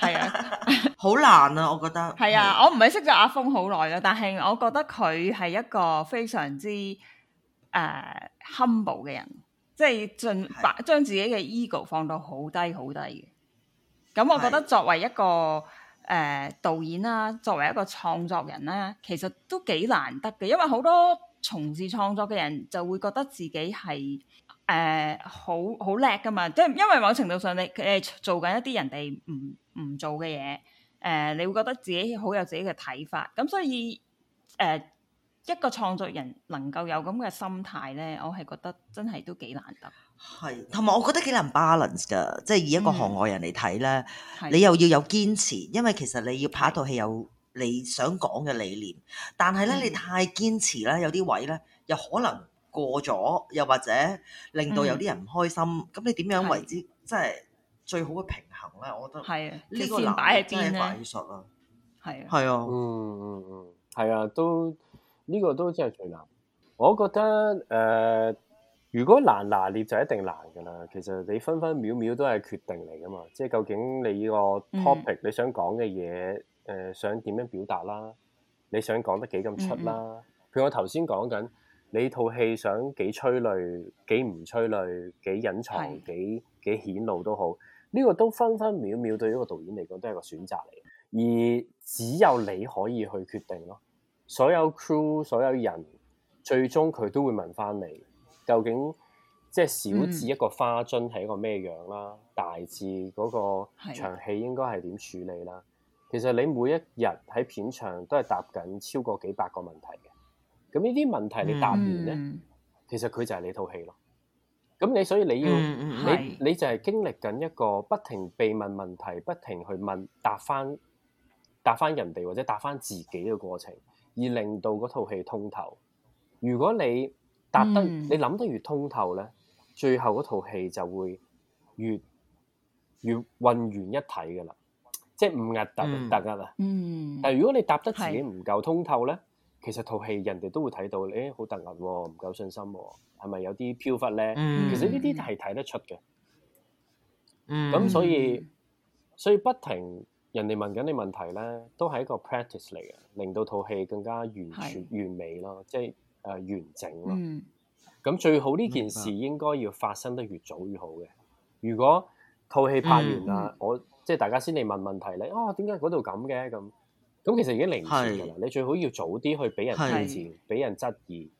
係啊， 好難啊，我覺得係啊，我唔係識咗阿楓好耐啦，但係我覺得佢係一個非常之誒、呃、humble 嘅人，即係盡把將自己嘅 ego 放到好低好低嘅。咁我覺得作為一個誒、呃、導演啦、啊，作為一個創作人啦、啊，其實都幾難得嘅，因為好多從事創作嘅人就會覺得自己係。誒，好好叻噶嘛！即係因為某程度上你誒做緊一啲人哋唔唔做嘅嘢，誒你會覺得自己好有自己嘅睇法，咁所以誒一個創作人能夠有咁嘅心態咧，我係覺得真係都幾難得。係，同埋我覺得幾難 balance 噶，即係以一個行外人嚟睇咧你又要有堅持，因為其實你要拍一套戲有你想講嘅理念，但係咧你太堅持啦，有啲位咧又可能。過咗，又或者令到有啲人唔開心，咁、嗯、你點樣為之，即係最好嘅平衡咧？我覺得係啊，呢個難真係藝術啊，係啊，係啊，嗯嗯嗯，係啊，都呢、這個都真係最難。我覺得誒、呃，如果難拿捏就一定難噶啦。其實你分分秒秒都係決定嚟噶嘛，即係究竟你呢個 topic 你想講嘅嘢，誒、嗯嗯呃，想點樣表達啦？你想講得幾咁出啦嗯嗯？譬如我頭先講緊。你套戲想幾催淚、幾唔催淚、幾隱藏、幾幾顯露都好，呢個都分分秒秒對一個導演嚟講都係個選擇嚟，而只有你可以去決定咯。所有 crew、所有人最終佢都會問返你，究竟即係小至一個花樽係一個咩樣啦、嗯，大至嗰個場戲應該係點處理啦？其實你每一日喺片場都係答緊超過幾百個問題嘅。咁呢啲問題你答完咧、嗯，其實佢就係你套戲咯。咁你所以你要、嗯、你你就係經歷緊一個不停被問問題，不停去問答返答返人哋或者答返自己嘅過程，而令到嗰套戲通透。如果你答得你諗得越通透咧、嗯，最後嗰套戲就會越越混圓一體㗎啦。即係唔壓得，答壓啊！但係如果你答得自己唔夠通透咧。其實套戲人哋都會睇到，誒好突兀喎，唔夠信心喎，係咪有啲漂忽咧、嗯？其實呢啲係睇得出嘅。嗯。咁所以所以不停人哋問緊你問題咧，都係一個 practice 嚟嘅，令到套戲更加完全完美咯，即係誒、呃、完整咯。咁、嗯、最好呢件事應該要發生得越早越好嘅。如果套戲拍完啦、嗯，我即係大家先嚟問問題咧，啊點解嗰度咁嘅咁？咁其實已經嚟唔切噶啦，你最好要早啲去俾人挑戰，俾人質疑，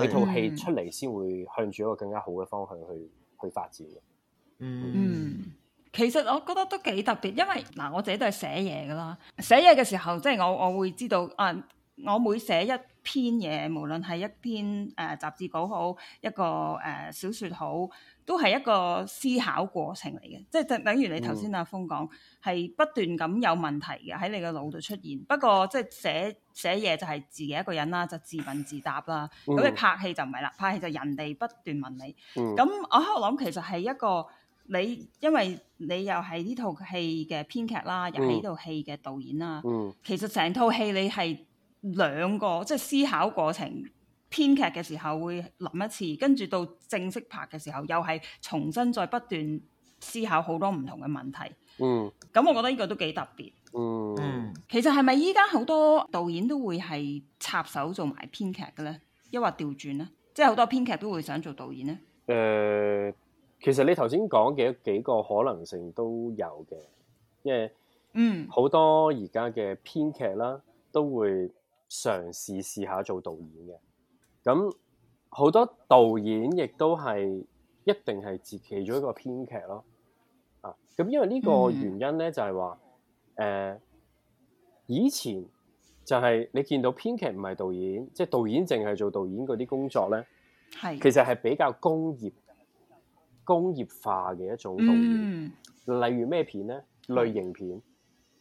你套戲出嚟先會向住一個更加好嘅方向去去發展嘅、嗯。嗯，其實我覺得都幾特別，因為嗱，我自己都係寫嘢噶啦，寫嘢嘅時候，即係我我會知道，誒、啊，我每寫一篇嘢，無論係一篇誒、呃、雜誌稿好，一個誒、呃、小說好。都係一個思考過程嚟嘅，即、就、係、是、等等於你頭先阿峰講，係、嗯、不斷咁有問題嘅喺你個腦度出現。不過即係寫寫嘢就係自己一個人啦，就是、自問自答啦。咁、嗯、你拍戲就唔係啦，拍戲就人哋不斷問你。咁、嗯、我喺度諗，其實係一個你，因為你又係呢套戲嘅編劇啦，又係呢套戲嘅導演啦、嗯嗯。其實成套戲你係兩個，即、就、係、是、思考過程。編劇嘅時候會諗一次，跟住到正式拍嘅時候又係重新再不斷思考好多唔同嘅問題。嗯，咁我覺得呢個都幾特別。嗯，嗯其實係咪依家好多導演都會係插手做埋編劇嘅咧？抑或調轉呢？即係好多編劇都會想做導演呢？誒，嗯，其實你頭先講嘅幾個可能性都有嘅，因為嗯好多而家嘅編劇啦都會嘗試試下做導演嘅。咁好多導演亦都係一定係自其中一個編劇咯，啊！咁因為呢個原因咧，就係話誒，以前就係你見到編劇唔係導演，即、就、係、是、導演淨係做導演嗰啲工作咧，係其實係比較工業的工業化嘅一種導演，嗯、例如咩片咧？類型片，嗯、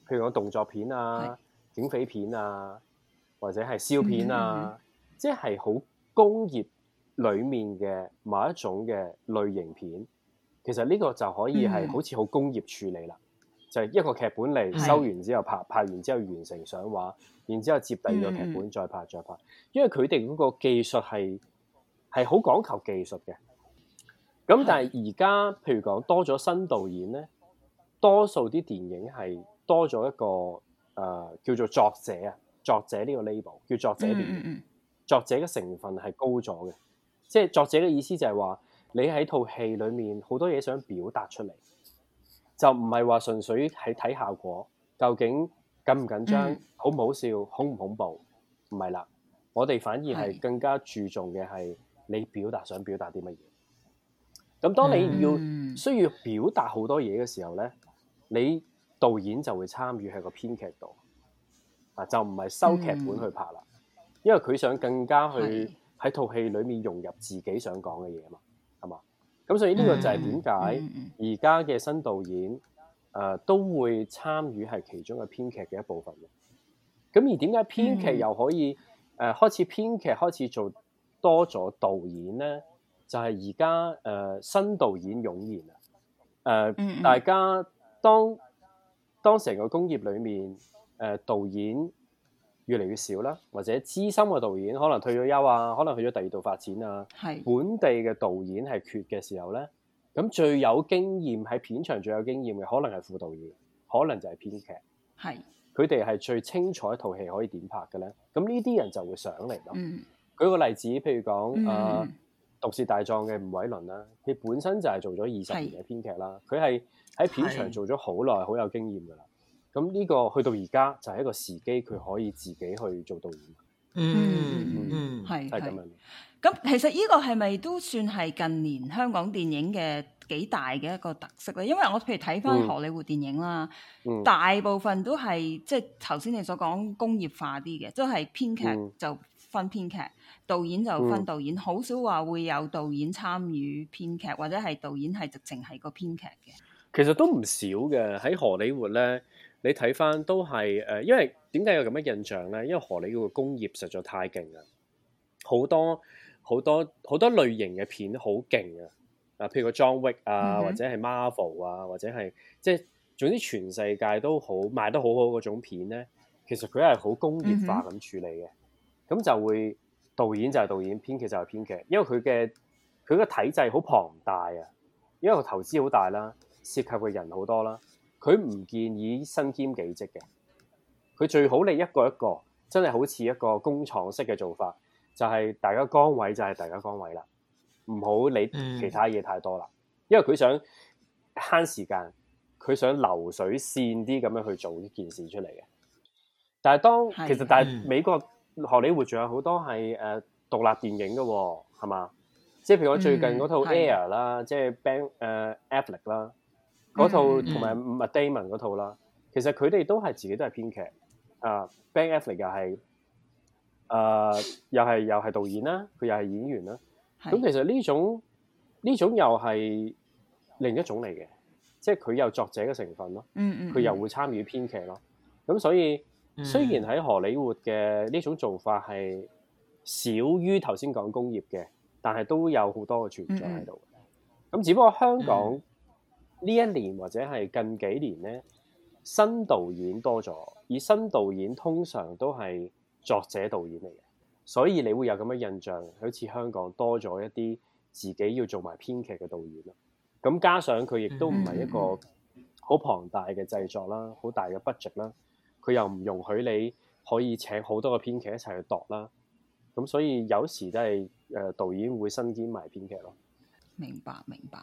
譬如講動作片啊、警匪片啊，或者係笑片啊，嗯、即係好。工業裡面嘅某一種嘅類型片，其實呢個就可以係好似好工業處理啦、嗯，就係、是、一個劇本嚟收完之後拍，拍完之後完成上畫，然之後接第二個劇本再拍、嗯、再拍，因為佢哋嗰個技術係係好講求技術嘅。咁但係而家譬如講多咗新導演呢，多數啲電影係多咗一個誒、呃、叫做作者啊，作者呢個 label 叫作者電影。嗯作者嘅成分係高咗嘅，即係作者嘅意思就係話，你喺套戲裏面好多嘢想表達出嚟，就唔係話純粹係睇效果，究竟緊唔緊張，好唔好笑、恐、嗯、唔恐怖，唔係啦，我哋反而係更加注重嘅係你表達想表達啲乜嘢。咁當你要、嗯、需要表達好多嘢嘅時候咧，你導演就會參與喺個編劇度啊，就唔係收劇本去拍啦。嗯因為佢想更加去喺套戲裏面融入自己想講嘅嘢嘛，係嘛？咁所以呢個就係點解而家嘅新導演誒、呃、都會參與係其中嘅編劇嘅一部分嘅。咁而點解編劇又可以誒、呃、開始編劇開始做多咗導演咧？就係而家誒新導演湧現啊！誒、呃，大家當當成個工業裏面誒、呃、導演。越嚟越少啦，或者資深嘅導演可能退咗休啊，可能去咗第二度發展啊。係本地嘅導演係缺嘅時候咧，咁最有經驗喺片場最有經驗嘅，可能係副導演，可能就係編劇。係佢哋係最清楚一套戲可以點拍嘅咧。咁呢啲人就會上嚟咯、嗯。舉個例子，譬如講誒，毒、嗯、舌、呃、大狀嘅吳偉倫啦，佢本身就係做咗二十年嘅編劇啦，佢係喺片場做咗好耐，好有經驗㗎啦。咁呢個去到而家就係一個時機，佢可以自己去做導演。嗯嗯，係係咁樣。咁其實呢個係咪都算係近年香港電影嘅幾大嘅一個特色咧？因為我譬如睇翻荷里活電影啦，mm -hmm. 大部分都係即係頭先你所講工業化啲嘅，都係編劇就分編劇，mm -hmm. 導演就分導演，好少話會有導演參與編劇，或者係導演係直情係個編劇嘅。其實都唔少嘅喺荷里活咧。你睇翻都係誒，因為點解有咁嘅印象咧？因為荷里活嘅工業實在太勁啦，好多好多好多類型嘅片好勁啊！啊，譬如個《John Wick》啊嗯、啊，或者係《Marvel》啊，或者係即係總之全世界都好賣得好好嗰種片咧，其實佢係好工業化咁處理嘅，咁、嗯、就會導演就係導演，編劇就係編劇，因為佢嘅佢個體制好龐大啊，因為佢投資好大啦，涉及嘅人好多啦。佢唔建議身兼幾職嘅，佢最好你一個一個，真係好似一個工廠式嘅做法，就係、是、大家崗位就係大家崗位啦，唔好理其他嘢太多啦、嗯，因為佢想慳時間，佢想流水線啲咁樣去做呢件事出嚟嘅。但係當是其實但係、嗯、美國荷里活仲有好多係誒、呃、獨立電影嘅、哦，係嘛？即係譬如我最近嗰套 Air、嗯、是啦，即係 Ben 誒 Affleck 啦。Adlerc, 嗰套同埋麥戴文嗰套啦，其實佢哋都係自己都係編劇啊 b a n a f f l e c 又係誒又係又係導演啦，佢又係演員啦。咁其實呢種呢種又係另一種嚟嘅，即係佢有作者嘅成分咯。嗯，佢又會參與編劇咯。咁、嗯、所以雖然喺荷里活嘅呢種做法係少於頭先講工業嘅，但係都有好多嘅存在喺度。咁只不過香港。嗯呢一年或者係近幾年咧，新導演多咗，而新導演通常都係作者導演嚟嘅，所以你會有咁嘅印象，好似香港多咗一啲自己要做埋編劇嘅導演啦。咁加上佢亦都唔係一個好龐大嘅製作啦，好大嘅 budget 啦，佢又唔容許你可以請好多個編劇一齊去度啦。咁所以有時都係誒導演會身兼埋編劇咯。明白，明白。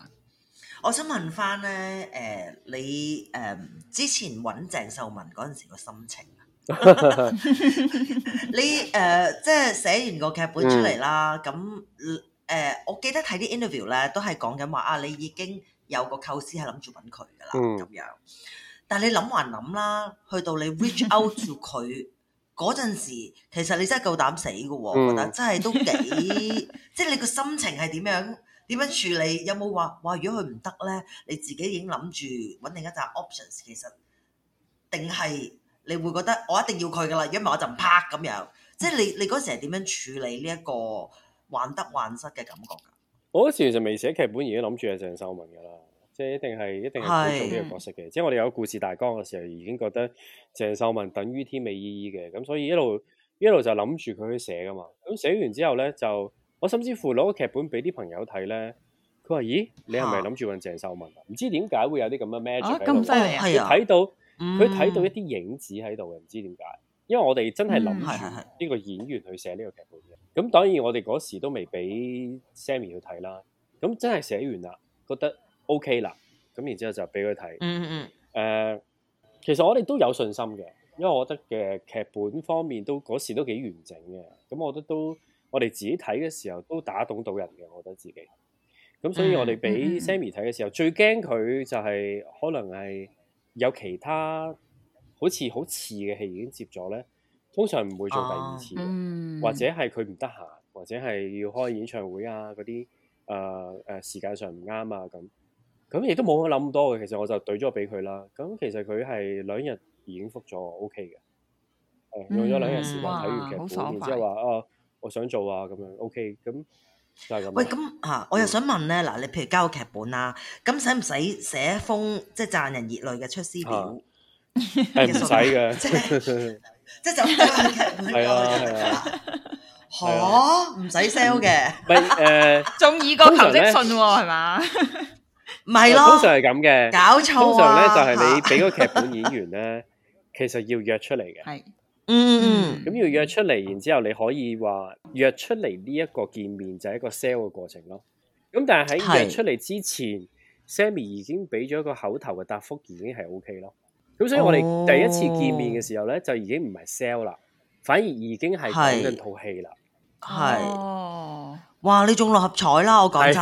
我想問翻咧，誒、呃，你誒之前搵鄭秀文嗰陣時個心情 你誒、呃，即係寫完個劇本出嚟啦，咁、嗯、誒、呃，我記得睇啲 interview 咧，都係講緊話啊，你已經有個構思係諗住搵佢噶啦，咁、嗯、樣。但係你諗還諗啦，去到你 reach out to 佢嗰陣時候，其實你真係夠膽死噶喎！我覺得真係都幾、嗯，即係你個心情係點樣？點樣處理？有冇話話？如果佢唔得咧，你自己已經諗住搵另一紮 options，其實定係你會覺得我一定要佢噶啦，因為我就唔拍咁樣。即係你你嗰時係點樣處理呢一個患得患失嘅感覺噶？我嗰時就未寫劇本，已經諗住係鄭秀文噶啦，即係一定係一定係佢做呢個角色嘅。即係我哋有故事大綱嘅時候，已經覺得鄭秀文等於天美依依嘅，咁所以一路一路就諗住佢去寫噶嘛。咁寫完之後咧就。我甚至乎攞個劇本俾啲朋友睇咧，佢話：咦，你係咪諗住搵鄭秀文啊？唔知點解會有啲咁嘅 magic 喺、啊、度，佢睇到佢睇、嗯、到一啲影子喺度嘅，唔知點解。因為我哋真係諗住呢個演員去寫呢個劇本嘅。咁、嗯、當然我哋嗰時都未俾 Sammy 去睇啦。咁真係寫完啦，覺得 OK 啦。咁然之後就俾佢睇。嗯嗯嗯、呃。其實我哋都有信心嘅，因為我覺得嘅劇本方面都嗰時都幾完整嘅。咁我覺得都。我哋自己睇嘅時候都打動到人嘅，我覺得自己。咁所以我哋俾 Sammi 睇嘅時候，mm -hmm. 最驚佢就係、是、可能係有其他好似好似嘅戲已經接咗咧，通常唔會做第二次嘅、oh. mm -hmm.，或者係佢唔得閒，或者係要開演唱會啊嗰啲，誒誒、呃、時間上唔啱啊咁。咁亦都冇諗咁多嘅，其實我就懟咗俾佢啦。咁其實佢係兩日已經覆咗 OK 嘅，係、okay mm -hmm. 用咗兩日時間睇、mm -hmm. 完劇本，mm -hmm. 然之後話啊～、呃我想做啊，咁樣 OK，咁就係咁。喂，咁吓我又想問咧，嗱，你譬如交個劇本啊，咁使唔使寫封即係讚人熱淚嘅出師表？係唔使嘅，即係即係就交劇本係啊，吓唔使 sell 嘅，唔係誒，中意個求職信喎，係嘛？唔係咯，通常係咁嘅，搞錯。通常咧就係你俾個劇本演員咧，其實要約出嚟嘅係。嗯，嗯，咁要約出嚟，然之後你可以話約出嚟呢一個見面就係一個 sell 嘅過程咯。咁但係喺約出嚟之前，Sammy 已經俾咗一個口頭嘅答復，已經係 OK 咯。咁所以我哋第一次見面嘅時候咧，哦，就已經唔係 sell 啦，反而已經係講緊套戲啦。係，哇！你中六合彩啦，我講真，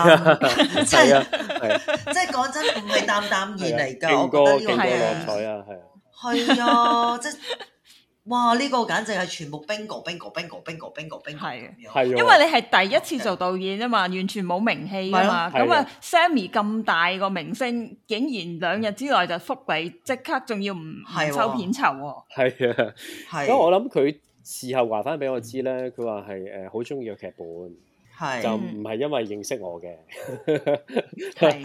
即係即係講真唔係淡淡然嚟噶，我覺得呢，這個係啊，係啊，即係，啊。 哇！呢，這個簡直係全部 bingo bingo bingo bingo bingo bingo，因為你係第一次做導演啊，okay，嘛，完全冇名氣啊嘛，咁啊 Sammi 咁大個明星，竟然兩日之內就覆 me，即刻仲要唔收片酬喎。哦，係啊，因為我諗佢事後話翻俾我知咧，佢話係誒好中意個劇本。就唔係因為認識我嘅，係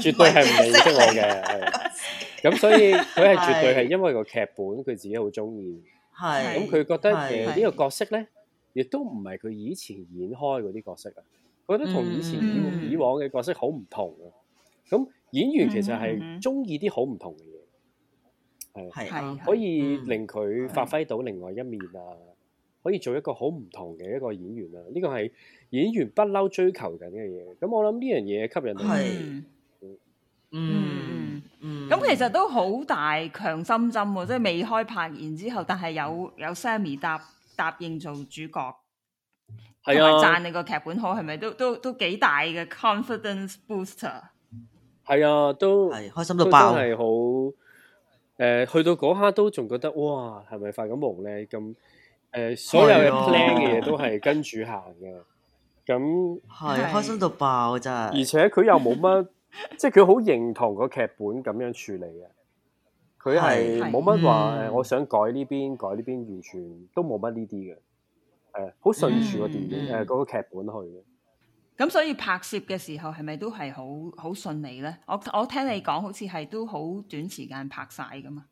絕對係唔認識我嘅。咁所以佢係絕對係因為個劇本，佢自己好中意。係咁，佢覺得誒呢個角色咧，亦都唔係佢以前演開嗰啲角色啊。覺得同以前以以往嘅角色好唔同啊。咁演員其實係中意啲好唔同嘅嘢，係可以令佢發揮到另外一面啊。可以做一個好唔同嘅一個演員啦，呢個係演員不嬲追求緊嘅嘢。咁我諗呢樣嘢吸引到。係。嗯嗯嗯嗯。咁其實都好大強心針喎，即係未開拍然之後，但係有有 Sammi 答答應做主角，係啊，讚你個劇本好係咪？都都都幾大嘅 confidence booster。係啊，都係開心到爆，都係好。誒，去到嗰刻都仲覺得哇，係咪發緊夢咧？咁。誒、呃，所有嘅 plan 嘅嘢都係跟住行嘅，咁係、啊、開心到爆真係。而且佢又冇乜， 即係佢好認同個劇本咁樣處理嘅，佢係冇乜話我想改呢邊、嗯、改呢邊，完全都冇乜呢啲嘅。誒，好順住個電影誒嗰個劇本去嘅。咁所以拍攝嘅時候係咪都係好好順利咧？我我聽你講好似係都好短時間拍晒㗎嘛。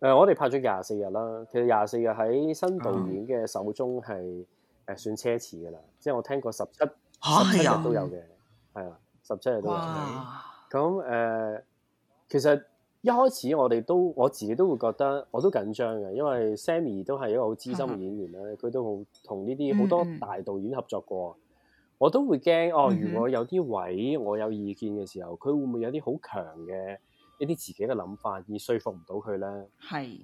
誒、呃，我哋拍咗廿四日啦。其實廿四日喺新導演嘅手中係誒算奢侈㗎啦。Uh -huh. 即係我聽過十七、十七日都有嘅，係、uh、啦 -huh.，十七日都有嘅。咁、uh、誒 -huh. 呃，其實一開始我哋都我自己都會覺得我都緊張嘅，因為 Sammi 都係一個好資深嘅演員啦，佢、uh -huh. 都好同呢啲好多大導演合作過，uh -huh. 我都會驚哦。如果有啲位我有意見嘅時候，佢會唔會有啲好強嘅？一啲自己嘅諗法而説服唔到佢咧？係。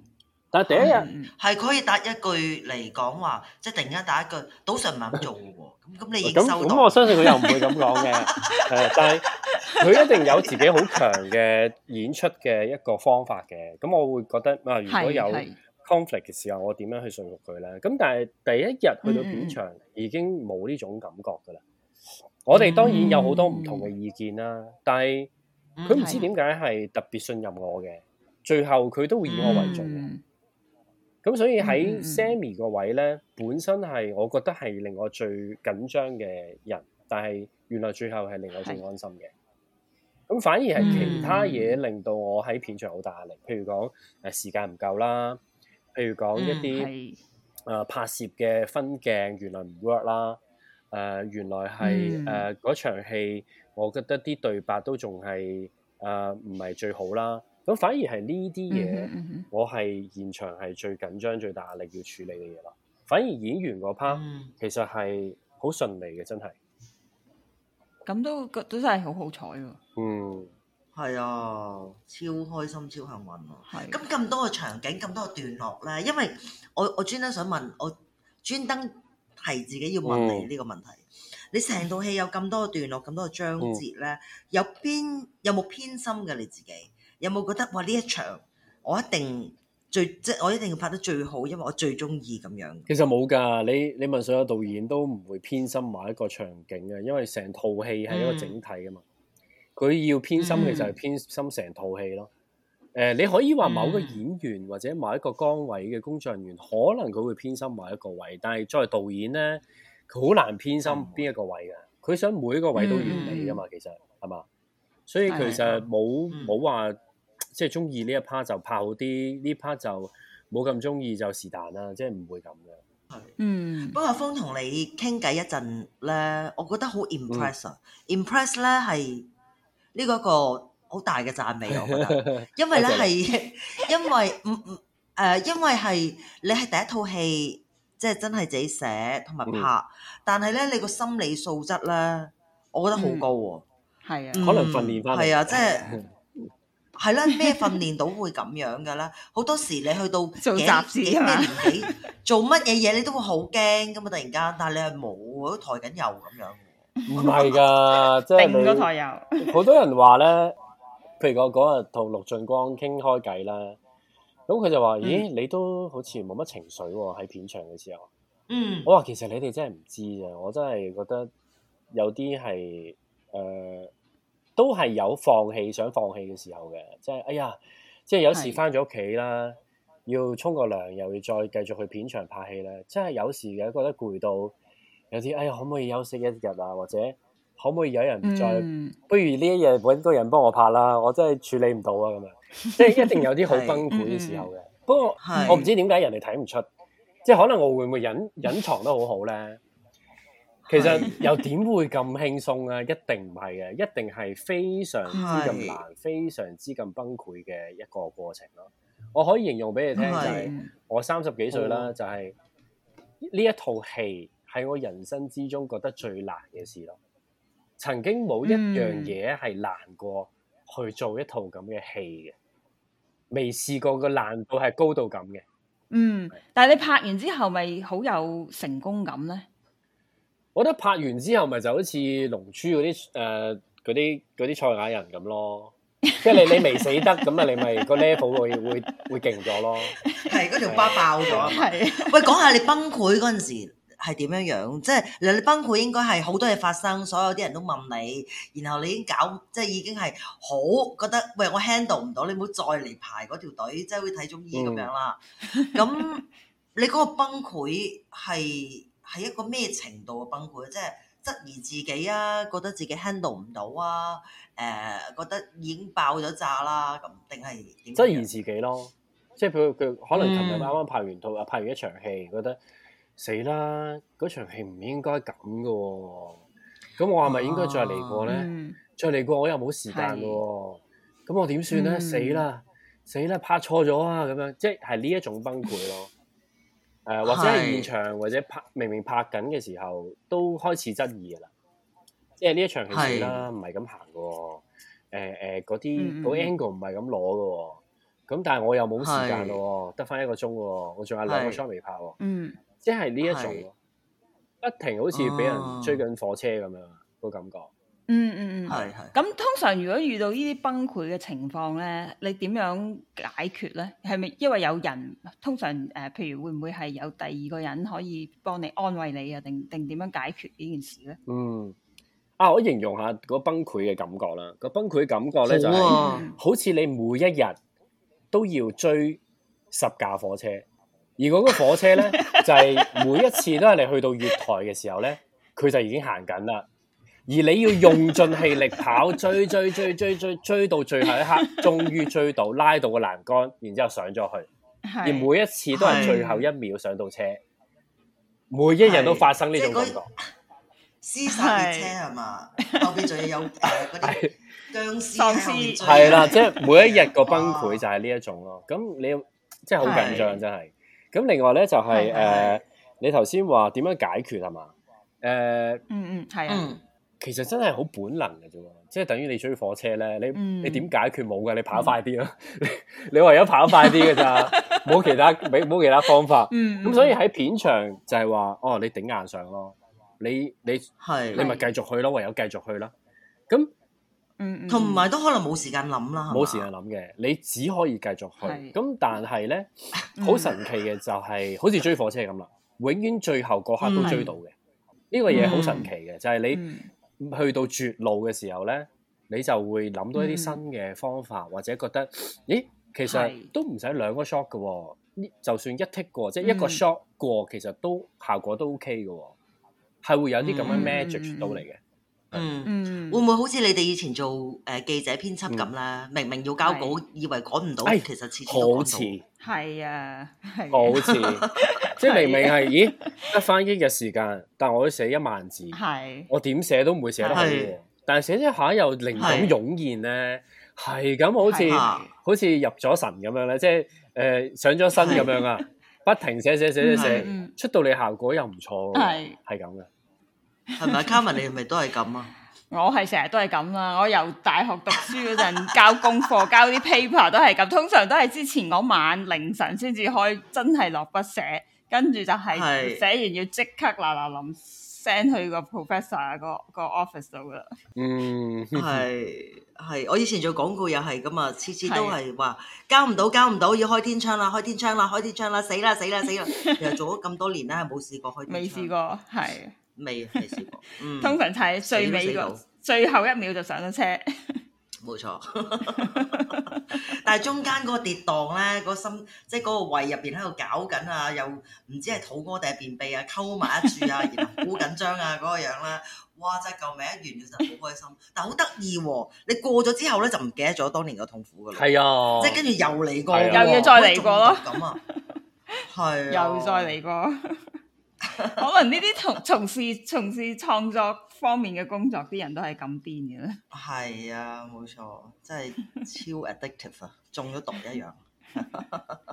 但係第一日係佢可以答一句嚟講話，即係突然間答一句，賭神冇用喎。咁，咁你已經收到。咁，咁我相信佢又唔會咁講嘅。誒，但係佢一定有自己好強嘅演出嘅一個方法嘅。咁我會覺得啊，如果有 conflict 嘅時候，我點樣去信服佢咧？咁但係第一日去到片場已經冇呢種感覺㗎啦。我哋當然有好多唔同嘅意見啦，但係。佢唔知點解係特別信任我嘅，最後佢都會以我為重。咁、嗯、所以喺 Sammi 個位咧，本身係我覺得係令我最緊張嘅人，但係原來最後係令我最安心嘅。咁反而係其他嘢令到我喺片場好大壓力，譬、嗯、如講誒時間唔夠啦，譬如講一啲誒、嗯呃、拍攝嘅分鏡原來唔 work 啦，誒、呃、原來係誒嗰場戲。我覺得啲對白都仲係誒唔係最好啦，咁反而係呢啲嘢，我係現場係最緊張、最大壓力要處理嘅嘢咯。反而演員嗰 part 其實係好順利嘅，真係。咁都覺得真係好好彩喎。嗯，係啊，超開心、超幸運啊。係、啊。咁咁多個場景、咁多個段落咧，因為我我專登想問，我專登提自己要問你呢個問題。嗯你成套戲有咁多段落、咁多章節咧、嗯，有偏有冇偏心嘅你自己？有冇覺得哇，呢一場我一定最即係我一定要拍得最好，因為我最中意咁樣。其實冇㗎，你你問所有導演都唔會偏心某一個場景嘅，因為成套戲係一個整體啊嘛。佢、嗯、要偏心嘅就係偏心成套戲咯。誒、嗯，你可以話某個演員或者某一個崗位嘅工作人員，嗯、可能佢會偏心某一個位，但係作為導演咧。佢好難偏心邊一個位嘅，佢想每一個位都完美噶嘛，其實係嘛？所以其實冇冇話即係中意呢一 part 就拍好啲，呢 part 就冇咁中意就是但啦，即係唔會咁嘅。嗯，不過楓同你傾偈一陣咧，我覺得好 impress，impress 咧係呢個一個好大嘅讚美，我覺得，因為咧係因為唔唔誒，因為係你係第一套戲。即係真係自己寫同埋拍，但係咧你個心理素質咧，我覺得好高喎、啊。係、嗯、啊、嗯，可能訓練翻。係啊，即係係啦，咩訓練到會咁樣噶咧？好多時你去到幾幾咩年紀，做乜嘢嘢， 你都會好驚噶嘛。突然間，但係你係冇，我都抬緊油咁樣。唔係噶，即係個台油。好 多人話咧，譬如我嗰日同陸俊光傾開偈啦。咁佢就話，咦，你都好似冇乜情緒喎、哦，喺片場嘅時候。嗯。我話其實你哋真係唔知咋，我真係覺得有啲係誒，都係有放棄想放棄嘅時候嘅，即係哎呀，即係有時翻咗屋企啦，要沖個涼，又要再繼續去片場拍戲啦，即係有時嘅覺得攰到有啲哎呀，可唔可以休息一日啊？或者可唔可以有人再，嗯、不如呢一日揾多人幫我拍啦，我真係處理唔到啊咁樣。即係一定有啲好崩潰嘅時候嘅、嗯，不過我唔知點解人哋睇唔出，即係可能我會唔會隱隱藏得好好呢？其實又點會咁輕鬆啊？一定唔係嘅，一定係非常之咁難、非常之咁崩潰嘅一個過程咯。我可以形容俾你聽，是就係、是、我三十幾歲啦，就係、是、呢一套戲係我人生之中覺得最難嘅事咯。曾經冇一樣嘢係難過、嗯。去做一套咁嘅戲嘅，未試過個難度係高到咁嘅。嗯，但係你拍完之後，咪好有成功感咧？我覺得拍完之後，咪就好似龍珠嗰啲誒，嗰啲嗰啲賽亞人咁咯。即係你你未死得，咁 啊你咪個 level 會 會會勁咗咯。係嗰條疤爆咗。係， 喂，講下你崩潰嗰陣時。係點樣樣？即係你崩潰應該係好多嘢發生，所有啲人都問你，然後你已經搞即係已經係好覺得，喂，我 handle 唔到，你唔好再嚟排嗰條隊，即係會睇中醫咁樣啦。咁、嗯、 你嗰個崩潰係係一個咩程度嘅崩潰？即係質疑自己啊，覺得自己 handle 唔到啊，誒、呃、覺得已經爆咗炸啦，咁定係點？質疑自己咯？即係譬如佢可能琴日啱啱拍完套啊，嗯、拍完一場戲，覺得，死啦！嗰場戲唔應該咁噶，咁我係咪應該再嚟過咧、啊嗯？再嚟過我又冇時間噶，咁我點算咧？死、嗯、啦！死啦！拍錯咗啊！咁樣即係呢一種崩潰咯。誒、 呃，或者係現場是，或者拍明明拍緊嘅時候都開始質疑噶啦，即係呢一場戲啦，唔係咁行噶。誒誒，嗰啲嗰 angle 唔係咁攞噶。咁、呃呃嗯嗰個、但係我又冇時間咯，得翻一個鐘喎，我仲有兩個 scene 未拍喎。即係呢一種不停好似俾人追緊火車咁樣個、啊、感覺。嗯嗯嗯，係係。咁通常如果遇到呢啲崩潰嘅情況咧，你點樣解決咧？係咪因為有人通常誒、呃，譬如會唔會係有第二個人可以幫你安慰你啊？定定點樣解決呢件事咧？嗯，啊，我形容下個崩潰嘅感覺啦。個崩潰嘅感覺咧就係、是、好似、啊、你每一日都要追十架火車。而嗰個火車咧，就係、是、每一次都係你去到月台嘅時候咧，佢就已經行緊啦。而你要用盡氣力跑追追追追追追到最後一刻，終於追到拉到個欄杆，然之後上咗去。而每一次都係最後一秒上到車，每一日都發生呢種感覺。屍殺列車係嘛？後邊仲要有誒嗰啲僵屍係啦，即係每一日個崩潰就係呢一種咯。咁、哦、你即係好緊張，是真係。咁另外咧就係、係呃、你頭先話點樣解決係嘛？呃、嗯嗯，其實真係好本能嘅啫，即係等於你追火車咧，你、嗯、你點解決冇嘅？你跑快啲咯，嗯、 你你唯有跑快啲嘅咋，冇 其他冇其他方法。咁、嗯嗯、所以喺片場就係話，「哦，你頂硬上咯，你你係你咪繼續去咯，唯有繼續去囉。」咁。嗯，同、嗯、埋都可能冇時間諗啦，係嘛？冇時間諗嘅，你只可以繼續去。咁但係咧，好神奇嘅就係、是、 好似追火車咁啦，永遠最後個刻都追到嘅。呢、這個嘢好神奇嘅，就係、是、你、嗯、去到絕路嘅時候咧，你就會諗多一啲新嘅方法、嗯，或者覺得，咦，其實都唔使兩個 shot 嘅喎、哦，就算一 take 過，即、嗯、係、就是、一個 shot 過其實都效果都 OK 嘅喎、哦，係會有啲咁樣的 magic 到嚟嘅。嗯嗯嗯，嗯，會唔會好似你哋以前做誒、呃、記者編輯咁啦？明明要交稿，以為趕唔到，其實次次都趕到好。係啊，係。好似，即係明明係，咦？得翻一日嘅時間，但我都寫一萬字，係，我點寫都唔會寫得好。但係寫一下又靈感湧現咧，係咁好似好似入咗神咁樣咧，即係誒、呃、上咗身咁樣啊！不停寫寫寫寫寫，出到嚟效果又唔錯，係係咁嘅。係咪？Carmen，你係咪都係咁啊？ 我係成日都係咁啊。我由大學讀書嗰陣交功課、 交啲 paper 都係咁。通常都係之前嗰晚凌晨先至開，真係落筆寫，跟住就係寫完要即刻嗱嗱淋 send 去個 professor 個個 office 度噶。嗯，係 係，我以前做廣告又係咁啊，次次都係話、啊、交唔到，交唔到，要開天窗啦，開天窗啦，開天窗啦，死啦，死啦，死啦！死了 其實做咗咁多年咧，係冇試過開天窗。未試過，係、啊。未未試過、嗯，通常就睇最尾最，最後一秒就上咗車，冇錯。 但係中間嗰個跌蕩咧，嗰、那個、心即係、就是、個胃入邊喺度搞緊啊，又唔知係肚屙定係便秘啊，溝埋一住啊， 然後好緊張啊嗰、那個樣啦。哇！真係救命，完咗就好開心， 但係好得意喎。你過咗之後咧就唔記得咗當年嘅痛苦噶啦。係啊，即、就、係、是、跟住又嚟過、啊，又要再嚟過咯。咁啊，係、 啊、又再嚟過。 可能呢啲從從事從事創作方面嘅工作啲人都係咁癲嘅啦，係 啊，冇錯，真係超 addictive 啊， 中咗毒一樣。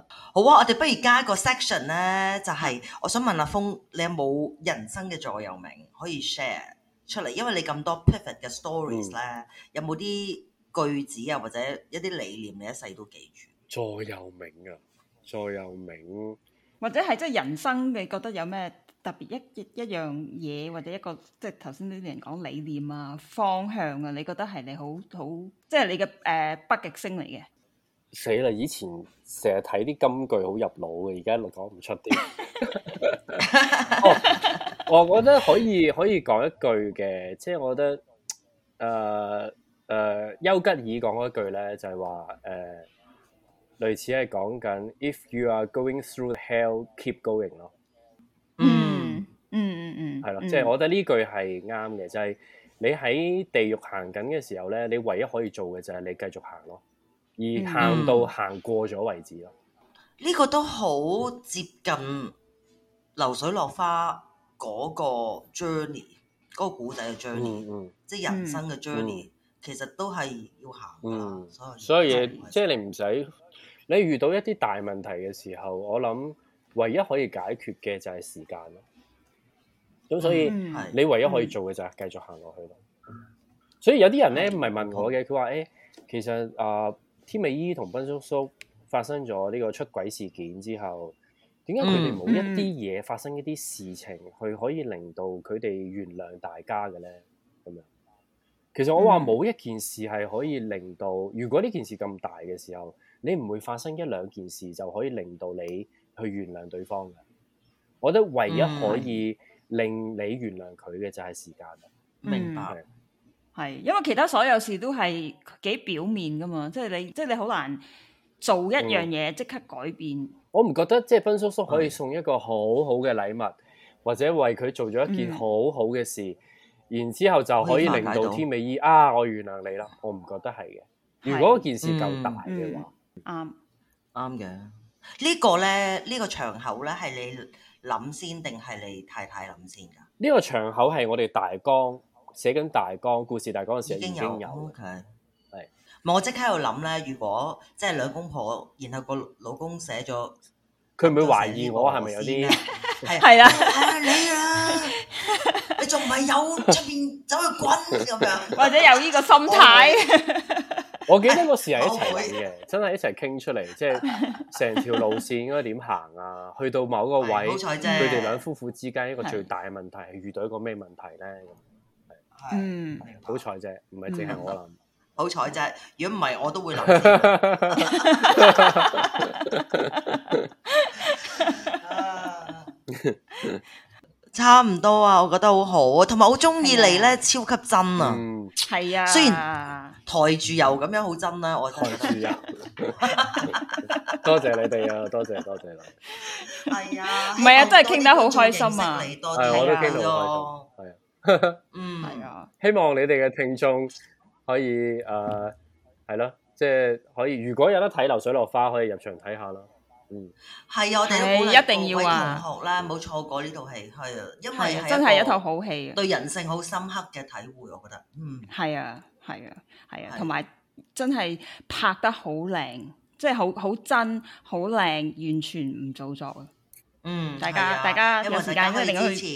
好啊，我哋不如加一個 section 咧，就係、是、我想問阿峰，你有冇人生嘅座右銘可以 share 出嚟？因為你咁多 perfect 嘅 stories 咧、嗯，有冇啲句子啊，或者一啲理念你一世都記住？座右銘啊，座右銘，或者係即係人生，你覺得有咩？特別一一一,一樣嘢或者一個，即係頭先呢啲人講理念啊、方向啊，你覺得係你好好，即係你嘅誒、uh, 北極星嚟嘅。死啦！以前成日睇啲金句好入腦嘅，而家都講唔出啲。 oh, 我覺得可以可以講一句嘅，即係我覺得誒誒、uh, uh, 休吉爾講嗰句咧，就係話誒類似係講緊，if you are going through hell，keep going 咯。嗯嗯嗯嗯，係、嗯、咯，即、嗯、係、嗯就是、我覺得呢句係啱嘅，就係、是、你喺地獄行緊嘅時候咧，你唯一可以做嘅就係你繼續行咯，而行到行過咗為止咯。呢、嗯這個都好接近流水落花嗰個 journey，嗰個古仔嘅 journey，即、嗯、係、嗯就是、人生嘅 journey，、嗯、其實都係要行噶、嗯。所以，所以即係你唔使你遇到一啲大問題嘅時候，我諗。唯一可以解決嘅就係時間咯，咁所以你唯一可以做嘅就係繼續行落去咯、嗯嗯。所以有啲人咧唔係問我嘅，佢話：誒、欸，其實啊、呃，天美姨同斌叔叔發生咗呢個出軌事件之後，點解佢哋冇一啲嘢發生一啲事情，去可以令到佢哋原諒大家嘅咧？咁、嗯、樣其實我話冇一件事係可以令到，如果呢件事咁大嘅時候，你唔會發生一兩件事就可以令到你。去原諒對方嘅，我覺得唯一可以令你原諒佢嘅就係時間。明、嗯、白，因為其他所有事都係幾表面噶嘛，即、就、係、是、你即係、就是、你好難做一樣嘢即刻改變。嗯、我唔覺得即係分叔叔可以送一個很好好嘅禮物，或者為佢做咗一件很好好嘅事，嗯、然之後就可以令到天美意啊！我原諒你啦，我唔覺得係嘅。如果件事夠大嘅話，啱啱嘅。嗯嗯嗯嗯。這個、呢個咧，呢、這個場口咧，係你諗先定係你太太諗先噶？呢、這個場口係我哋大綱寫緊大綱故事，大綱嗰陣時候已經有，OK，係。唔係我即刻喺度諗咧，如果即係兩公婆，然後個老公寫咗，佢唔會懷疑我？係咪有啲係啊， 你啊，你仲唔係有出面走去滾咁樣？或者有呢個心態？ 我記得嗰時係一齊嚟嘅，真係一齊傾出嚟，即係成條路線應該點行啊？去到某個位，佢哋兩夫婦之間一個最大問題係遇到一個咩問題咧、哎？嗯，好彩啫，唔係淨係我諗、嗯，好彩啫。如果唔係，我都會諗。 差唔多啊，我覺得好好啊，同埋好中意你咧，超級真啊，係、嗯、啊，雖然抬住又咁樣好真啦、啊嗯，我台主。抬 住啊 多！多謝你哋啊，多謝多謝啦。係啊，唔係啊，真係傾得好開心啊！係我都傾到開心係啊，嗯，係啊，啊， 啊。希望你哋嘅聽眾可以誒，係啦即係可以，如果有得睇流水落花，可以入場睇下啦。係、嗯、啊，我哋都一定要同學啦，冇錯過呢套戲，係啊，因為真係一套好戲，對人性好深刻嘅體會，我覺得，嗯，係啊，係啊，係啊，同埋、啊啊啊啊啊、真係拍得好靚，即係好好真，好靚，完全唔做作啊！嗯，大家、啊、大家有冇時間去支持，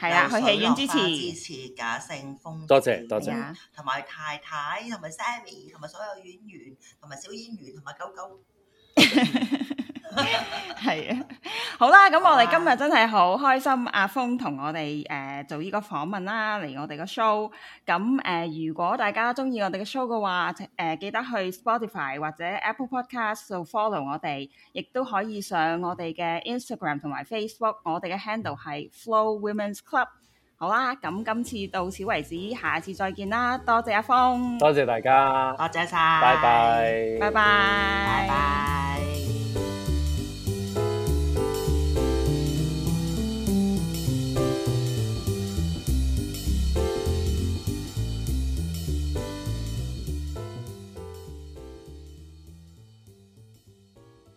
係啊，啊，去戲院支持支持賈勝楓，多謝多謝，同、嗯、埋太太，同埋 Sammi，同埋所有演員，同埋小演員，同埋狗狗。 係 啊是的， 好啦，咁我哋今日真係好開心，阿峰同我哋誒、呃、做呢個訪問啦，嚟我哋個 show。咁誒、呃，如果大家中意我哋嘅 show 嘅話，誒、呃、記得去 Spotify 或者 Apple Podcast 度 follow 我哋，亦都可以上我哋嘅 Instagram 同埋 Facebook，我哋嘅 handle 係 Flo Women’s Club。好啦，咁今次到此為止，下次再見啦！多謝阿峰，多謝大家，多謝晒，拜拜，拜拜，拜、嗯、拜。Bye bye